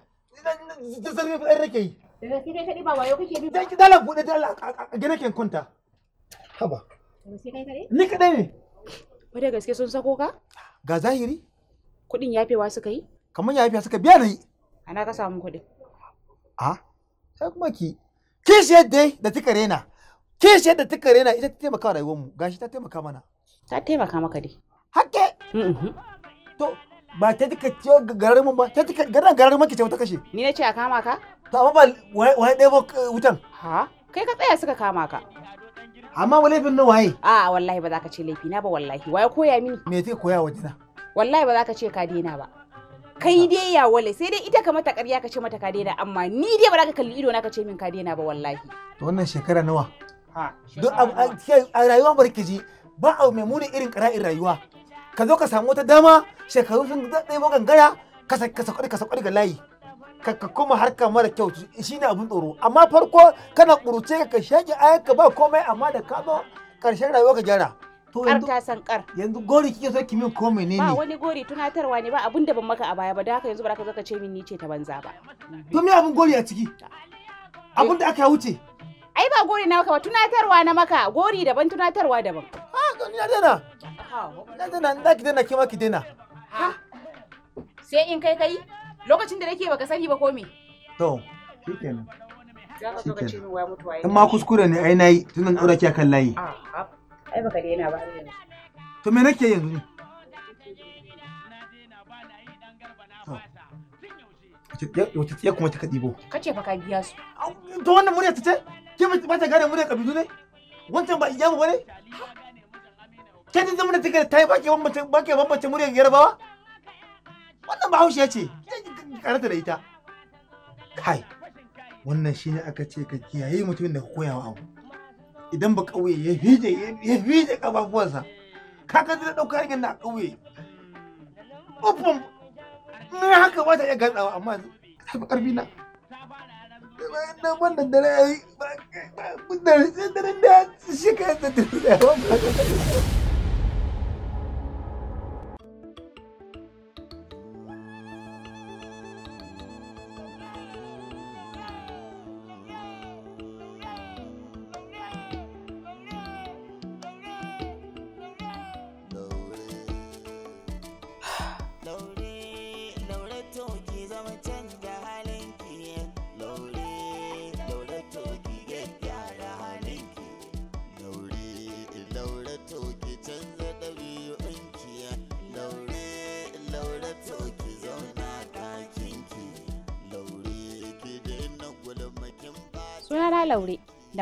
duk zarri ne ai nake yi da gaske kai kadi ba wayo kake bi dala bude dala a gane kin kunta haba ni kadai ne wadda gaske sun sako ka ga zahiri kudin yafewa suka yi kamar yafewa suka biya na yi ana ka samu kudin a sai kuma ki shi yadda da tika rena shi yadda tika rena ita ta taimaka rayuwar mu gashi ta taimaka mana ta taimaka maka dai hakke mm-hmm. to ba ta tika ciwo garar mun ba ta tika garar garar ke ce wata kashe ni na ce a kama ka to amma ba wai ɗaya wutan ha kai ka tsaya suka kama ka Amma wa laifin nawa waye? a wallahi ba za ka ce laifi na ba wallahi. Waye koya mini? Me take koya wa jina? Wallahi ba za ka ce ka daina ba. Kai dai ya wale sai dai ita ka mata ƙarya ka ce mata ka daina amma ni dai ba za ka kalli ido na ka ce min ka daina ba wallahi. To wannan shekara nawa? Ha. Duk a rayuwa barkiji ba abu mai muni irin ƙara'in rayuwa. Ka zo ka samu wata dama shekaru sun ɗaya gangara ka sakwaɗi ka sakwaɗi ga layi. ka kuma harka mara kyau shine abin tsoro amma farko kana kuruce ka shage ayyuka ba komai amma da ka zo karshen rayuwa ka gyara kar ta san kar yanzu gori kike so ki min ko menene ba wani gori tunatarwa ne ba abin da ban maka a baya ba da haka yanzu ba za ka zo ce min ni ce ta banza ba to me abin gori a ciki abin da aka wuce ai ba gori na maka ba tunatarwa na maka gori daban tunatarwa daban ha na dana na dana na ki dana ki ma ki dana ha sai in kai kai Lokacin da nake baka sani ba ko me? To, shikenan. Za ka ga cewa ya mutu waye. In kuskure ne ai nayi tun an daura ki akan layi. Ah, ah. Ai baka daina ba. To me nake yanzu ne? Ya kuma ta kaɗibo. Kace fa ka biya su. To wannan murya ta ce? Ke ba ta gane murya kabilu ne? Wancan ba iyamu ba ne? Ke ta zama da ta gane ta yi ba ke bambance murya yarbawa? wannan bahaushe ce karanta da ita kai wannan shine aka ce ka kiyaye mutumin da ka koya wa abu idan ba kauye ya fije ya fije kafafuwansa ka ka da dauka yankin na kauye uffan mun haka ba ta iya gatsawa amma ta karfi na wannan dare ya yi ba da shi ka yi da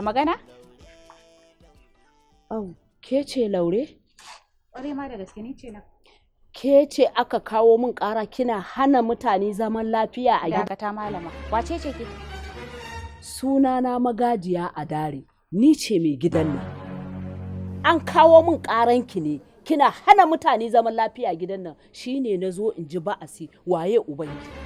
magana? Oh, ke ce laure? Ƙware ma da gaske ni ce na. Ke ce aka kawo min ƙara kina hana mutane zaman lafiya a gida. Dakata malama, wace ce ke? Sunana magajiya a dare, ni ce mai gidan nan. An kawo min ƙaranki ne, kina hana mutane zaman lafiya gidan nan, shine na zo in ji ba'asi waye ubangi.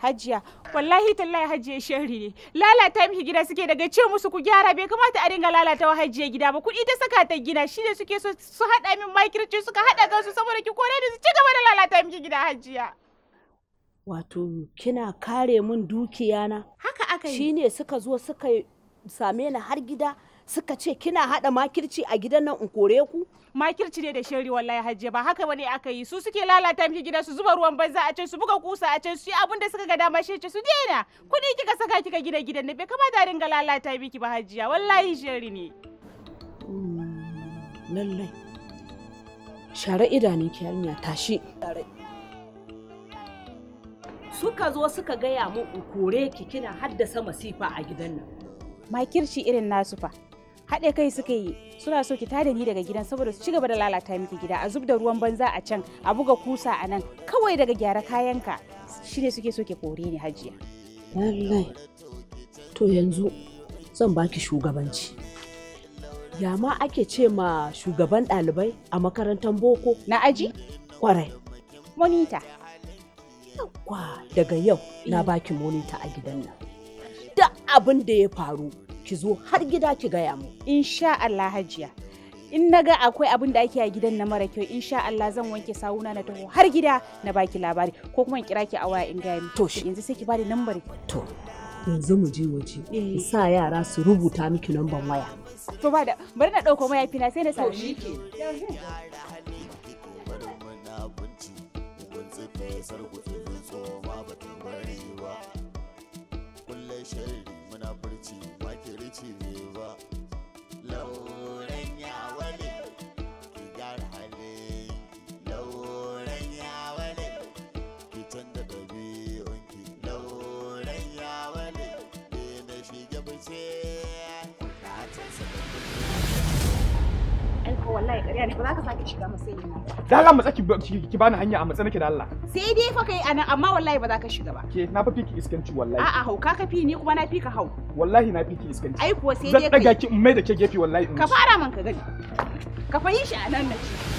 hajiya wallahi tallahi hajiya shari ne lalata miki gida suke daga ce musu ku gyara bai kamata a dinga lalata wa hajiya gida ba kuɗi ta saka ta gida shi ne suke so su haɗa min makirci suka haɗa kansu saboda ki kore ni su ci gaba da lalata miki gida hajiya wato kina kare mun dukiya na haka aka yi shine suka zo suka same ni har gida suka ce kina haɗa makirci a gidan nan in ku makirci ne da shirri wallahi hajje ba haka bane aka yi su suke lalata miki gidan su zuba ruwan banza a can su buga kusa a can su abin da suka ga dama shi ce su daina kuɗi kika saka kika gida gidan ne bai da ringa lalata miki ba hajjiya wallahi shirri ne hmm, lallai share idanun ki yarinya tashi suka zo suka gaya mu kore ki kina haddasa masifa a gidan nan makirci irin nasu fa haɗe kai suka yi suna so ki tada ni daga gidan saboda su ci gaba da lalata miki gida a zub da ruwan banza a can a buga kusa a nan kawai daga gyara kayanka ne suke so ki kore ni hajiya lallai to yanzu zan baki shugabanci ya ma ake ce ma shugaban ɗalibai a makarantar boko na aji kwarai monita yawwa daga yau na eh. baki monita a gidan nan duk abin da ya faru ki zo har gida ki gaya mu insha Allah hajiya in na ga akwai abin da ake a gidan na mara kyau insha Allah zan wanke sawuna na taho har gida na baki labari ko kuma in kira ki a waya in gaya mu. to yanzu sai ki bada lambar to yanzu mu je waje eh. in sa yara su rubuta miki lambar waya to ba da bari na dauko mayafi na sai na sa shi ke tsoma kullum munafurci ba kirci ne ba lauren ya wale ki gyara halin lauren ya wale ki canza ɗabi'unki lauren ya wale ne na shige bace ba wallahi ƙarya ne ba za ka sake shiga matsayin nan da Allah matsa ki bani hanya a matsa nake da Allah sai dai fa kai anan amma wallahi ba za ka shiga ba ke na fa fiki iskanci wallahi a'a Hau ka fi ni kuma na fika hau wallahi na fiki iskanci ai kuwa sai dai kai zan daga ki mai da ke gefe wallahi ka fara man ka gani ka fahimci anan ci.